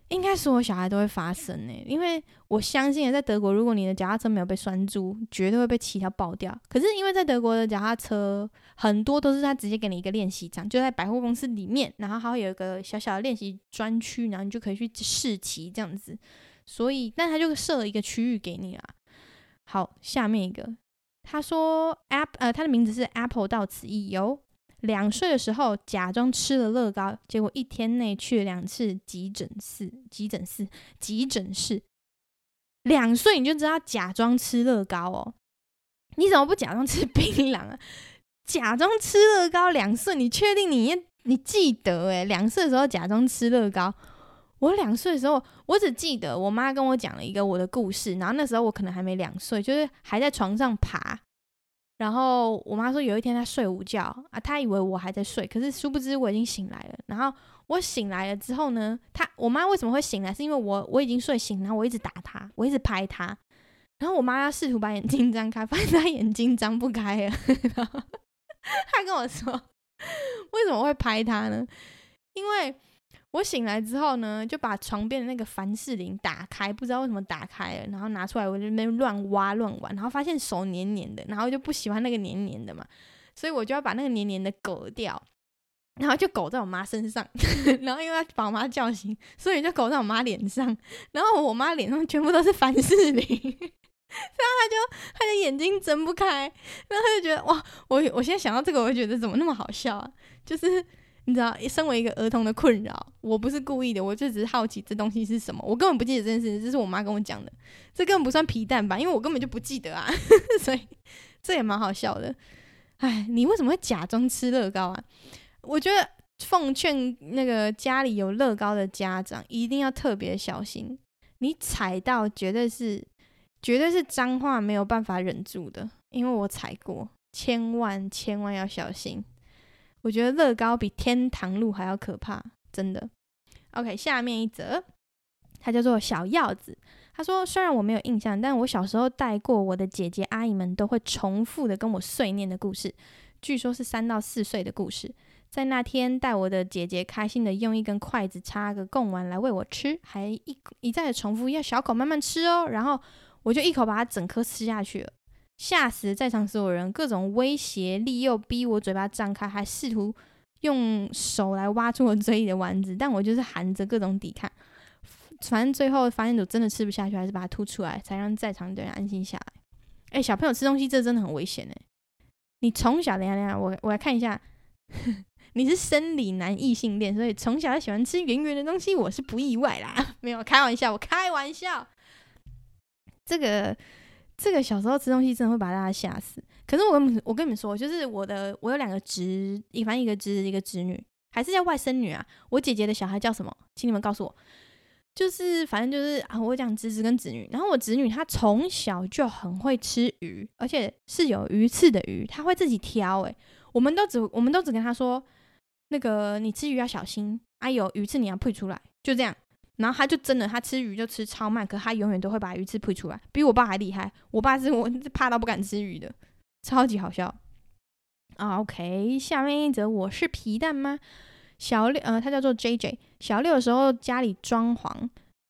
應該所有小孩都會發生呢，因為我相信在德國，如果你的腳踏車沒有被拴住，絕對會被騎到爆掉。可是因為，在德國的腳踏車很多都是他直接給你一個練習場，就在百貨公司裡面，然後還會有一個小小的練習專區，然後你就可以去試騎這樣子。所以，那他就設了一個區域給你啊。好，下面一個，他說 Apple，呃，他的名字是 Apple 到此一遊、哦。兩歲的時候假裝吃了樂高，結果一天內去了兩次急診室、急診室、急診室。兩歲你就知道假裝吃樂高哦？你怎麼不假裝吃檳榔啊？假裝吃樂高，兩歲你確定你你記得、欸？誒，兩歲的時候假裝吃樂高，我兩歲的時候我只記得我媽跟我講了一個我的故事，然後那時候我可能還沒兩歲，就是還在床上爬。然後我媽說，有一天她睡午覺啊，她以為我還在睡，可是殊不知我已經醒來了。然後我醒來了之後呢，她我媽為什麼會醒來？是因為我我已經睡醒了，然後我一直打她，我一直拍她。然後我媽要試圖把眼睛張開，發現她眼睛張不開了，呵呵，她跟我說，為什麼會拍她呢？因為。我醒來之後呢，就把床邊的那個凡士林打開，不知道為什麼打開了，然後拿出來，我就在那邊亂挖亂玩，然後發現手黏黏的，然後就不喜歡那個黏黏的嘛，所以我就要把那個黏黏的狗掉，然後就狗在我媽身上，呵呵，然後因為要把我媽叫醒，所以就狗在我媽臉上，然後我媽臉上全部都是凡士林，然後他就他的眼睛睜不開，然後他就覺得哇，我我現在想到這個，我就覺得怎麼那麼好笑啊，就是。你知道，身為一個兒童的困擾，我不是故意的，我就只是好奇這東西是什麼。我根本不記得這件事，這是我媽跟我講的。這根本不算皮蛋吧？因為我根本就不記得啊， 所以這也蠻好笑的。哎，你為什麼會假裝吃樂高啊？我覺得奉勸那個家裡有樂高的家長一定要特別小心，你踩到絕對是，絕對是髒話，沒有辦法忍住的。因為我踩過，千萬千萬要小心。我覺得樂高比天堂路還要可怕，真的。OK，下面一則，他叫做小耀子。他說，雖然我沒有印象，但我小時候帶過我的姐姐阿姨們都會重複的跟我碎念的故事，據說是三到四歲的故事。在那天帶我的姐姐開心的用一根筷子插個貢丸來餵我吃，還一一再的重複，要小口慢慢吃哦，然後我就一口把它整顆吃下去了。嚇死在場所有人，各種威脅、利誘、逼我嘴巴張開，還試圖用手來挖出我嘴裡的丸子，但我就是含着各種抵抗。反正最後發現我真的吃不下去，還是把它吐出來，才讓在場的人安心下來。誒、欸，小朋友吃東西這真的很危險哎、欸！你從小怎樣怎樣？我我來看一下，呵呵，你是生理男異性戀，所以從小就喜歡吃圓圓的東西，我是不意外啦。沒有開玩笑，我開玩笑，這個。這個小時候吃東西真的會把大家嚇死。可是我跟你我跟你們說，就是我的我有兩個侄，反正一個侄子一個侄女，還是叫外甥女啊。我姐姐的小孩叫什麼？請你們告訴我。就是反正就是啊，我講侄子跟侄女。然後我侄女她從小就很會吃魚，而且是有魚刺的魚，她會自己挑、欸。誒，我們都只我們都只跟她說，那個你吃魚要小心啊，有魚刺你要吐出來，就這樣。然後他就真的，他吃魚就吃超慢，可他永遠都會把魚刺吐出來，比我爸還厲害。我爸是我怕到不敢吃魚的，超級好笑啊。OK，下面一則，我是皮蛋嗎？小六呃，他叫做 JJ。小六的時候家裡裝潢，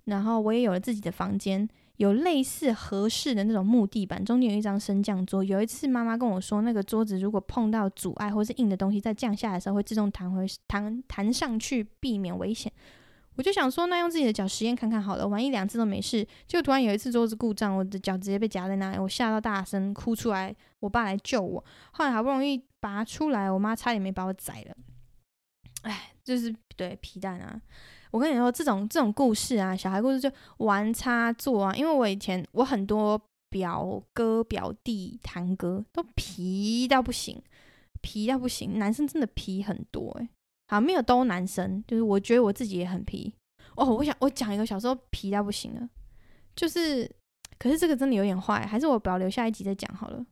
然後我也有了自己的房間，有類似合適的那種木地板，中間有一張升降桌。有一次媽媽跟我說，那個桌子如果碰到阻礙或是硬的東西，在降下來的時候會自動彈回彈彈，彈上去，避免危險。我就想說，那用自己的腳實驗看看好了，玩一兩次都沒事。結果，突然有一次桌子故障，我的腳直接被夾在那裡，我嚇到大聲哭出來，我爸來救我。後來好不容易拔出來，我媽差點沒把我宰了。哎，就是對皮蛋啊，我跟你說這種這種故事啊，小孩故事就玩插座啊，因為我以前我很多表哥表弟堂哥都皮到不行，皮到不行，男生真的皮很多，欸好，沒有都男生，就是我覺得我自己也很皮哦。我想我講一個小時候皮到不行了，就是，可是這個真的有點壞，還是我保留下一集再講好了。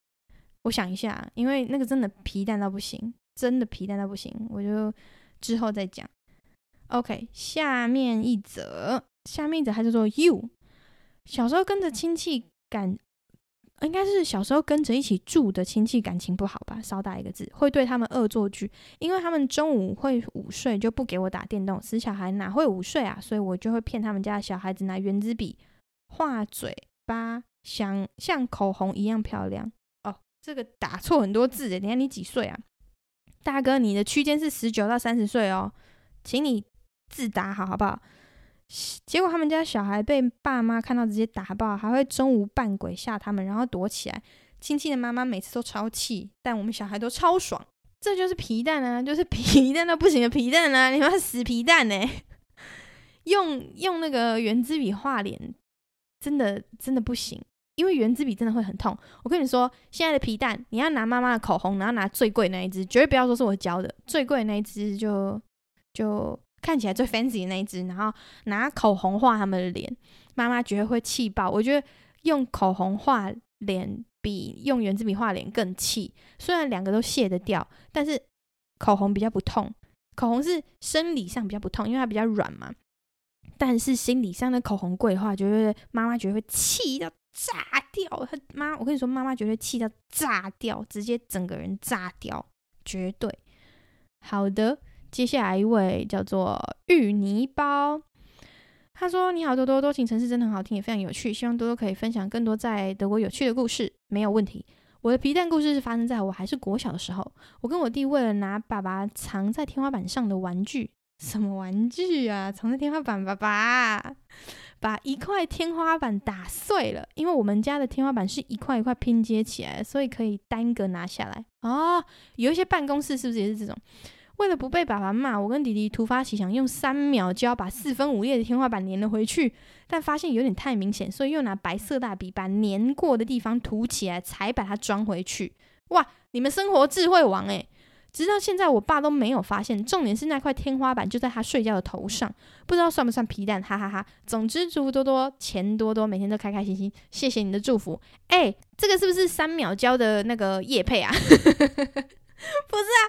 我想一下，因為那個真的皮蛋到不行，真的皮蛋到不行，我就之後再講。OK，下面一則，下面一則他就說 You，小時候跟着親戚趕。應該是小時候跟着一起住的親戚感情不好吧，少打一個字會對他們惡作劇，因為他們中午會午睡就不給我打電動。死小孩哪會午睡啊，所以我就會騙他們家的小孩子拿原子筆畫嘴巴像，想像口紅一樣漂亮哦。這個打錯很多字，等下你幾歲啊，大哥？你的區間是十九到三十歲哦，請你字打好好不好？結果他們家小孩被爸媽看到直接打爆，還會中午扮鬼嚇他們，然後躲起來。親戚的媽媽每次都超氣，但我們小孩都超爽。這就是皮蛋啊，就是皮蛋都不行的皮蛋啊，你們死皮蛋呢、欸！用用那個原子筆畫臉，真的真的不行，因為原子筆真的會很痛。我跟你說，現在的皮蛋，你要拿媽媽的口紅，然後拿最貴那一支，絕對不要說是我教的，最貴的那一支就就。看起來最 fancy 那一支，然後拿口紅畫他們的臉，媽媽絕對會氣爆。我覺得用口紅畫臉比用原子筆畫臉更氣，雖然兩個都卸得掉，但是口紅比較不痛。口紅是生理上比較不痛，因為它比較軟嘛。但是心理上的口紅貴的話，覺得媽媽絕對會氣到炸掉。他媽，我跟你說，媽媽絕對氣到炸掉，直接整個人炸掉，絕對好的。接下來一位叫做芋泥包，他說：“你好，多多多情城市真的很好聽，也非常有趣。希望多多可以分享更多在德國有趣的故事。”沒有問題，我的皮蛋故事是發生在我還是國小的時候，我跟我弟為了拿爸爸藏在天花板上的玩具，什麼玩具啊？藏在天花板，爸爸把一塊天花板打碎了，因為我們家的天花板是一塊一塊拼接起來，所以可以單個拿下來。哦，有一些辦公室是不是也是這種？為了不被爸爸罵，我跟弟弟突發奇想，用三秒膠把四分五裂的天花板粘了回去，但發現有點太明顯，所以又拿白色大筆把粘過的地方塗起來，才把它裝回去。哇！你們生活智慧王誒、欸！直到現在我爸都沒有發現。重點是那塊天花板就在他睡覺的頭上，不知道算不算皮蛋，哈哈哈，哈。總之，祝福多多，錢多多，每天都開開心心。謝謝你的祝福。誒、欸！這個是不是三秒膠的那個業配啊？ 不是啊。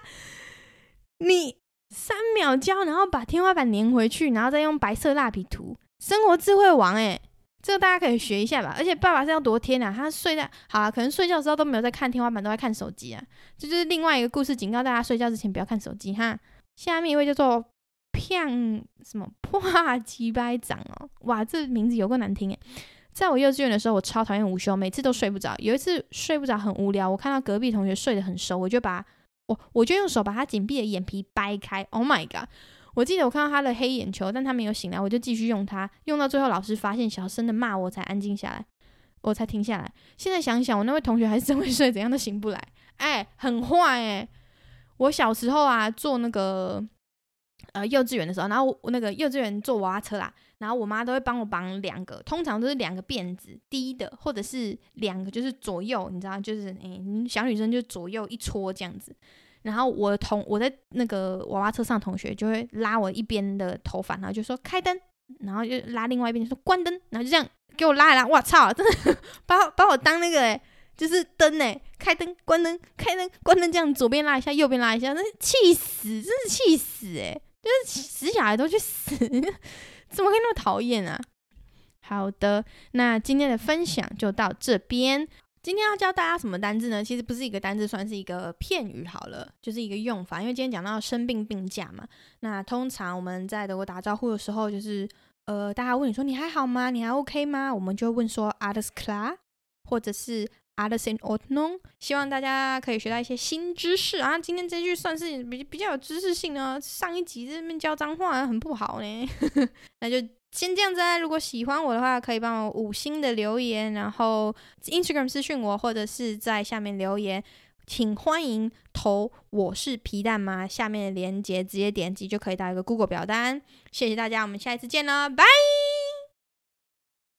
你三秒膠，然後把天花板粘回去，然後再用白色蠟筆塗。生活智慧王，哎，這個大家可以學一下吧。而且爸爸是要多天啊，他睡在好了、啊，可能睡覺的時候都沒有在看天花板，都在看手機啊。這就，就是另外一個故事，警告大家睡覺之前不要看手機哈。下面一位叫做胖什麼破幾百掌哦，哇，這名字有夠難聽哎。在我幼稚園的時候，我超討厭午休，每次都睡不着。有一次睡不着很無聊，我看到隔壁同學睡得很熟，我就把。我我就用手把他緊閉的眼皮掰開，Oh my god！我記得我看到他的黑眼球，但他沒有醒來，我就繼續用他，用到最後老師發現，小聲的罵我，我才安靜下來，我才停下來。現在想想，我那位同學還是真會睡，怎樣都醒不來，哎，很壞哎！我小時候啊，坐那個呃幼稚園的時候，然後我那個幼稚園坐娃娃車啦。然後我媽都會幫我綁兩個，通常都是兩個辮子低的，或者是兩個就是左右，你知道，就是嗯，欸、小女生就左右一撮這樣子。然後我同我在那個娃娃車上，同學就會拉我一邊的頭髮，然後就說開燈，然後就拉另外一邊，就說關燈，然後就這樣給我拉一拉，我操、啊，真的把我把我當那個哎、欸，就是燈哎、欸，開燈關燈開燈關燈，這樣左邊拉一下，右邊拉一下，那氣死，真是氣死哎、欸，就是死小孩都去死。呵呵怎麼可以那麼討厭啊？好的，那今天的分享就到這邊。今天要教大家什麼單字呢？其實不是一個單字，算是一個騙語好了，就是一個用法。因為今天講到生病病假嘛，那通常我們在德國打招呼的時候，就是呃，大家問你說你還好嗎？你還 OK 嗎？我們就會問說，Ades l a 或者是。Alles in Ordnung, 希望大家可以學到一些新知識啊！今天這句算是比比較有知識性哦、啊，上一集這邊教髒話、啊、很不好呢呵呵，那就先這樣子、啊。如果喜歡我的話，可以幫我五星的留言，然後 Instagram 私訊我，或者是在下面留言，請歡迎投我是皮蛋嗎？下面的鏈接直接點擊就可以到一個 Google 表單，謝謝大家，我們下一次見啦，拜！